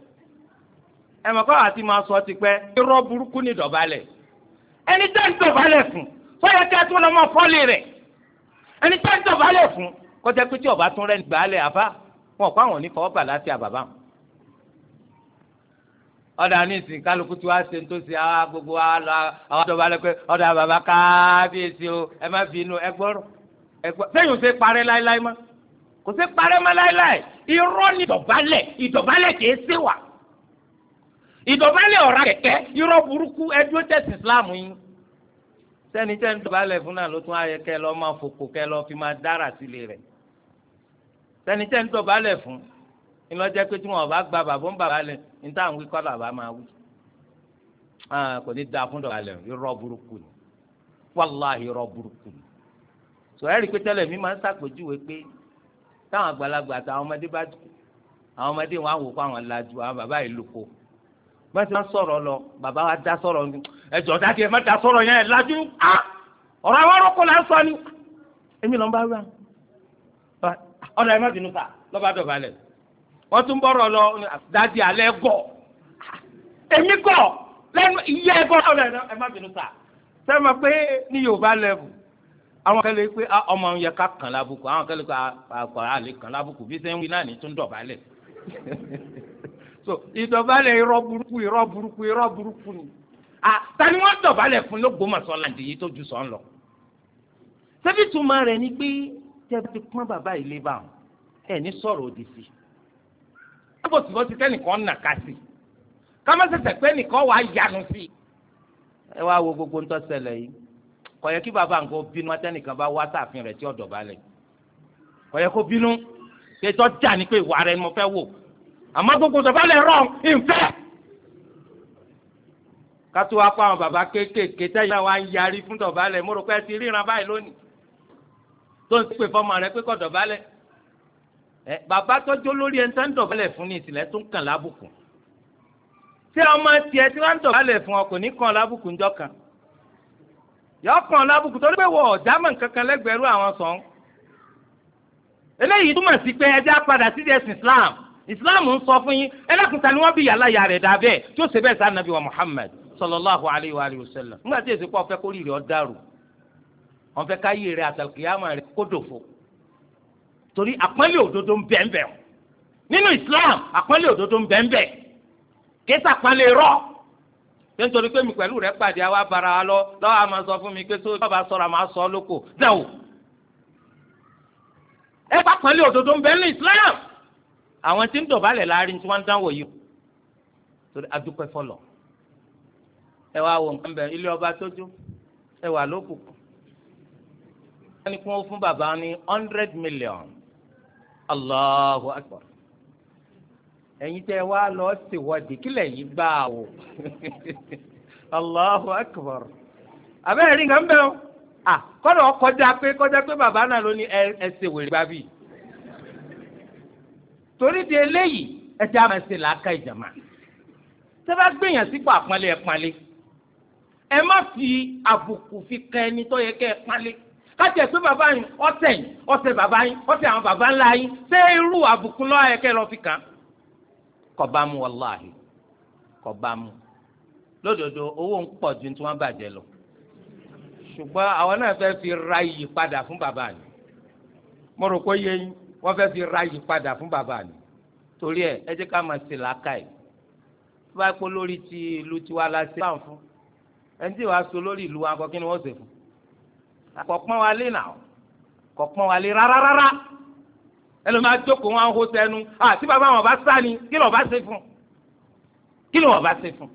ẹ̀ mọ̀kọ́ àti máa sọ ti pẹ́ irọ́ burúkú ni dọ̀bálẹ̀ ẹni tá ń dọ̀bálẹ̀ fún fọyà tí a tún lọ́ mọ́ fọ́lì rẹ̀ ẹni tá ń dọ̀bálẹ̀ fún kọjá pé tí ọba tún rẹ̀ gbàálẹ̀ àbá wọn kọ́ àwọn onífọwọ́ gbà láti àbàbà wọn. ọ̀dà ní ìsìn kálukú tí wàá ṣe ń tó ṣe àwa gbogbo àwa dọ̀bálẹ̀ pé ọ̀dà bàbá kábíyèsí o ẹ má fi inú ẹ gbọ́rọ̀ ẹ gbọ́ sẹ́yìn ò ṣe parẹ́ láéláé mọ́ kò ṣe parẹ́ mọ́ láéláé irọ́ ni ìdọ̀bálẹ̀ ìdọ̀bálẹ̀ kì í ṣèwà ìdọ̀bálẹ̀ ọ̀ra kẹ̀kẹ́ irọ́ burúkú ẹdúró tẹ̀sí islam yín sẹ́ni tẹ́ ń dọ̀bálẹ̀ fún náà ló tún ayẹ kẹ́ lọ́ máa fòkò kẹ́ lọ́ fi máa dára sílé rẹ̀ sẹ́ni tẹ́ ń dọ̀bálẹ̀ fún ìlọ́jẹ́ pé tí wọn bá gba bàbá ń bàbá lẹ̀ ní táwọn wí kọ́ làbá máa wí kò ní da fún dọ̀bálẹ̀ irọ́ burúkú ni wàláhì irọ́ burúkú ni sọ ẹ́rì pé tẹ́lẹ̀ mi máa ń ṣàpèjúwe bá ti máa sọ̀rọ̀ lọ bàbá wa dá sọ̀rọ̀ ni ẹjọ́ dájú ẹ má dá sọ̀rọ̀ yẹn lájú à ọ̀rọ̀ àwọn ọ̀rọ̀ kò là ń sọ ni èmi lọ́n bá wá ọ̀rọ̀ ẹ má bínú ká lọ́ba dọ̀bálẹ̀ wọ́n tún bọ̀rọ̀ lọ dájú alẹ́ gọ̀ èmi gọ̀ lẹ́nu iye ẹ̀gọ́ ọ̀rọ̀ ẹ má bínú ká sẹ́mi pé ní Yorùbá lẹ́bù àwọn kẹlẹ pé ah, ọmọ yẹ ká kàn lábùkù àwọn kẹlẹ pé ah, àkọ́ so ìdọ̀bálẹ̀ irọ́ burúkú irọ́ burúkú irọ́ burúkú ni àtàní wọ́n dọ̀bálẹ̀ fún lÓgbómọ̀ṣọ́ làǹdì yìí tó ju sọ̀ ń lọ. sẹ́bí túmọ̀ rẹ̀ ni pé tẹ́bí ti pọ́n bàbá ilé bá wọn ẹ̀ ní sọ̀rọ̀ òdì sí i. lábò tí wọ́n ti tẹ́nìkan nà ká sí i kámẹ́sẹ̀sẹ̀ pé nìkan wàá yanu sí i. ẹ wá wo gbogbo ńtọ́ ṣẹlẹ̀ yìí kò yẹ kí bàbá nǹkan bínú atẹ́nìkan bá wá sáàfin rẹ̀ tí ó dọ̀bálẹ̀ kò yẹ kó bínú ṣètò jà ní pé ìwà àmọ́ gbogbo sọ̀fálẹ̀ rọ̀ ìfẹ́. kátó wá pa àwọn bàbá kéékèèké tẹ́yìn náà wá ń yarí fún dọ̀bálẹ̀ mo rò pé ẹ ti ríran báyìí lónìí tó ń pè fọmọ rẹ pé kọ́ dọ̀bálẹ̀ bàbá tọ́jú lórí ẹni tó ń dọ̀bálẹ̀ fún ní ìsìlẹ̀ tó ń kàn lábùkù tí ọmọ tiẹ̀ tí wọ́n ń dọ̀bálẹ̀ fún ọkùnrin kan lábùkù ńjọ́ kan yọkàn lábùkù torí pé wọ ọ̀dámọ̀ ìsìláàmù ń sọ fún yín ẹlẹ́kùnta ni wọ́n bí yàrá yàrá ẹ̀dá bẹ́ẹ̀ tí ó ṣe bẹ́ẹ̀ sá nàbí wa Muhammad sallallahu alayhi wa alihi wa sallam nígbà tí èsì pọ̀ fẹ́ kó rírì ọ́ dàrú wọ́n fẹ́ ká yìí rẹ̀ àtàkìyàmọ̀ rẹ̀ kó dòfo torí àpọ́nlé òdodo ń bẹ́ẹ̀ nínú Islam àpọ́nlé òdodo ń bẹ́ẹ̀ kéésà pọ́nlé rọ́ nítorí pé mi pẹ̀lú rẹ̀ pàdé àwa bara wa lọ lọ́wọ́ a máa sọ fún mi pé tó bá sọ̀rọ̀ a máa sọ ọ́ lóko zẹ́wò ẹ bá òdodo ń bẹ́ẹ̀ nínú Islam àwọn tí ń dọ̀bálẹ̀ láàrin tí wọ́n ń dánwò yìí torí adúpẹ́ fọlọ̀ ẹ wá wọ nǹkan bẹ̀rẹ̀ ilé ọba tójú ẹ wà lókùkù wọ́n ní kí wọ́n fún bàbá ní hundred million Allahu Akbar ẹ̀yin tẹ́ wá lọ ṣèwọ́dì kílẹ̀ yìí gbà wò Allahu Akbar abẹ́rẹ́ rí nǹkan bẹ́ẹ̀ o kọ́dọ̀ kọjá pé kọjá pé bàbá náà ló ní ẹ ẹ ṣèwèrè bábí yìí torí di eléyìí ẹjẹ àmọ́ ẹsẹ làákà ìjàmà tẹ́ bá gbìyàn sípò àpọ́nlé ẹ pọ́nlé ẹ má fi àbùkù fi kan ẹni tó yẹ kẹ́ ẹ pọ́nlé kájẹ pé bàbá yín ọ̀tẹ̀ yín ọ̀tẹ̀ bàbá yín ọ̀tẹ̀ àwọn bàbá ńlá yín ṣé irú àbùkù lọ yẹ kẹ́ lọ fi kàn kọbaamu wàláhì kọbaamu lódodo owó ń pọ̀ ju tí wọ́n bàjẹ́ lọ ṣùgbọ́n àwọn náà fẹ́ fi ra iyì padà fún bàbá yín mo rò pé yẹ yín wọ́n fẹ́ fi ra yìí padà fún bàbá mi torí ẹ ẹ jẹ́ ká máa ṣe làákàyè tó bá pọ̀ lórí ti ìlú tiwa la ṣe báwọn fún ẹni tí wàá so lórí ìlú wa kọ́ kí ni wọ́n ṣe fún kọ̀pọ̀n wa lé nà kọ̀pọ̀n wa lé rárárárá ẹlòmíà jókòó wọn hó sẹ́nu àti bàbá wọn bá sá ni kí lọ́ọ́ bá ṣe fún kí lọ́ọ́ bá ṣe fún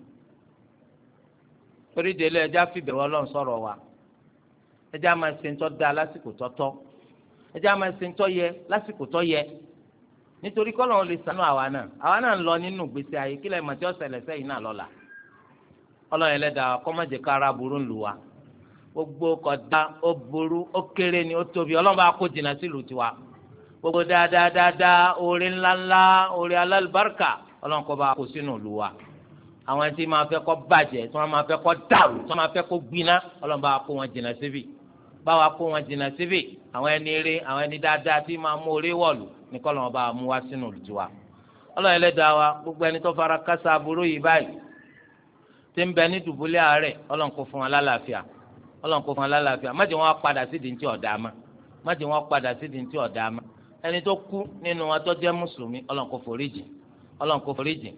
torí délé ẹjá fìbẹ̀wọ́ lọ́n sọ̀rọ̀ wa ẹjá máa ṣe ń tọ́ da lásìkò tọ́tọ́ ẹ jẹ́ àmọ́ ẹsẹ̀ tó yẹ lásìkò tó yẹ nítorí kọ́ lọ́wọ́ lè sànú àwa náà àwa náà ń lọ nínú gbèsè ayé kílẹ̀ mọ̀tí ọ̀sẹ̀ lẹ́sẹ̀ yìí náà lọ́la ọlọ́run ẹlẹ́dàá kọ́mọ̀jẹ̀ kára burú ń lù wa gbogbo kọ̀dá ó burú ó kéré ni ó tóbi ọlọ́run bá kó jìnnà sílùú tiwa gbogbo dáadáa dáadáa oore ńláńlá oore alálùbáríkà ọlọ́run kọ́ bá kó sínú lù wa àwọn tí máa fẹ́ kó bàjẹ́ tí wọ́n máa fẹ́ kó dàrú tí wọ́n máa fẹ́ kó gbiná ọlọ́run bá kó wọn jìnnà síbi báwa kó wọn jìnnà síbì àwọn ẹni eré àwọn ẹni dáadáa tí máa mú orí wọ̀lù ní kọ́lọ́ wọn mú wá sínú gbogbo ẹni tó fara kásá aburú yìí báyìí ti ń bẹ ní dùbúlẹ̀ àárẹ̀ ọlọ́run kó fún wọn lálàáfíà fún wọn lálàáfíà má wọn padà má wọn padà ti ma ẹni tó kú nínú tó mùsùlùmí foríjì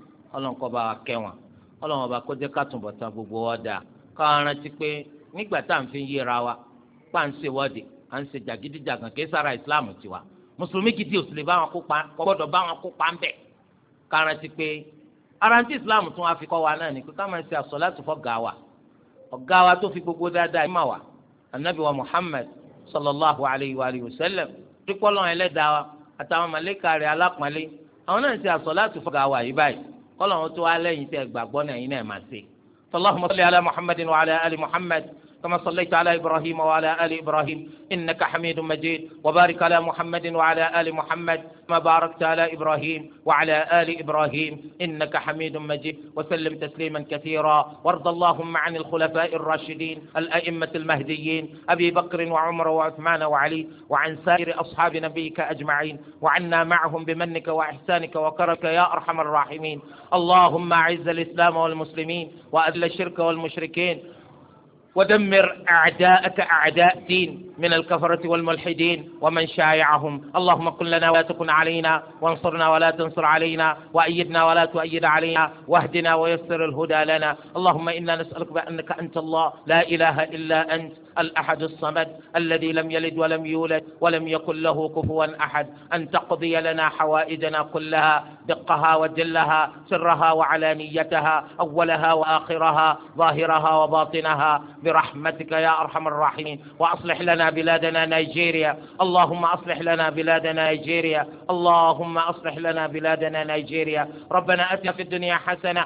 pa à ń ṣe wọ́ọ̀dì à ń ṣe jàgídíjàgàn kì í sára ìsìláàmù tiwa mùsùlùmí gidi ò sì lè bá wọn kópa gbọ́dọ̀ bá wọn kópa ń bẹ karantí pé arantí ìsìláàmù tún wá fi kọ́ wa náà ni pé ká máa ṣe àsọ láti fọ́ gàwa ọ̀gá wa tó fi gbogbo dáadáa ìmọ̀ wa anabi wa muhammad sallallahu alayhi wa alihi wa sallam dúpọ́lọ́ ẹlẹ́dàá wa àtàwọn màlẹ́kà rẹ̀ alápọ̀nlé àwọn náà ṣe àsọ láti fọ́ gàwa yìí báyìí kọ́lọ́hún tó wá lẹ́yìn tẹ́ gbàgbọ́ náà yìí náà máa ṣe. muhammad. كما صليت على إبراهيم وعلى آل إبراهيم إنك حميد مجيد وبارك على محمد وعلى آل محمد ما باركت على إبراهيم وعلى آل إبراهيم إنك حميد مجيد وسلم تسليما كثيرا وارض اللهم عن الخلفاء الراشدين الأئمة المهديين أبي بكر وعمر وعثمان وعلي وعن سائر أصحاب نبيك أجمعين وعنا معهم بمنك وإحسانك وكرمك يا أرحم الراحمين اللهم أعز الإسلام والمسلمين وأذل الشرك والمشركين ودمر أعداءك أعداء دين من الكفرة والملحدين ومن شايعهم اللهم كن لنا ولا تكن علينا وانصرنا ولا تنصر علينا وأيدنا ولا تؤيد علينا واهدنا ويسر الهدى لنا اللهم إنا نسألك بأنك أنت الله لا إله إلا أنت الأحد الصمد الذي لم يلد ولم يولد ولم يكن له كفوا أحد أن تقضي لنا حوائجنا كلها دقها وجلها سرها وعلانيتها أولها وآخرها ظاهرها وباطنها برحمتك يا أرحم الراحمين وأصلح لنا بلادنا نيجيريا اللهم أصلح لنا بلادنا نيجيريا اللهم أصلح لنا بلادنا نيجيريا ربنا أتنا في الدنيا حسنة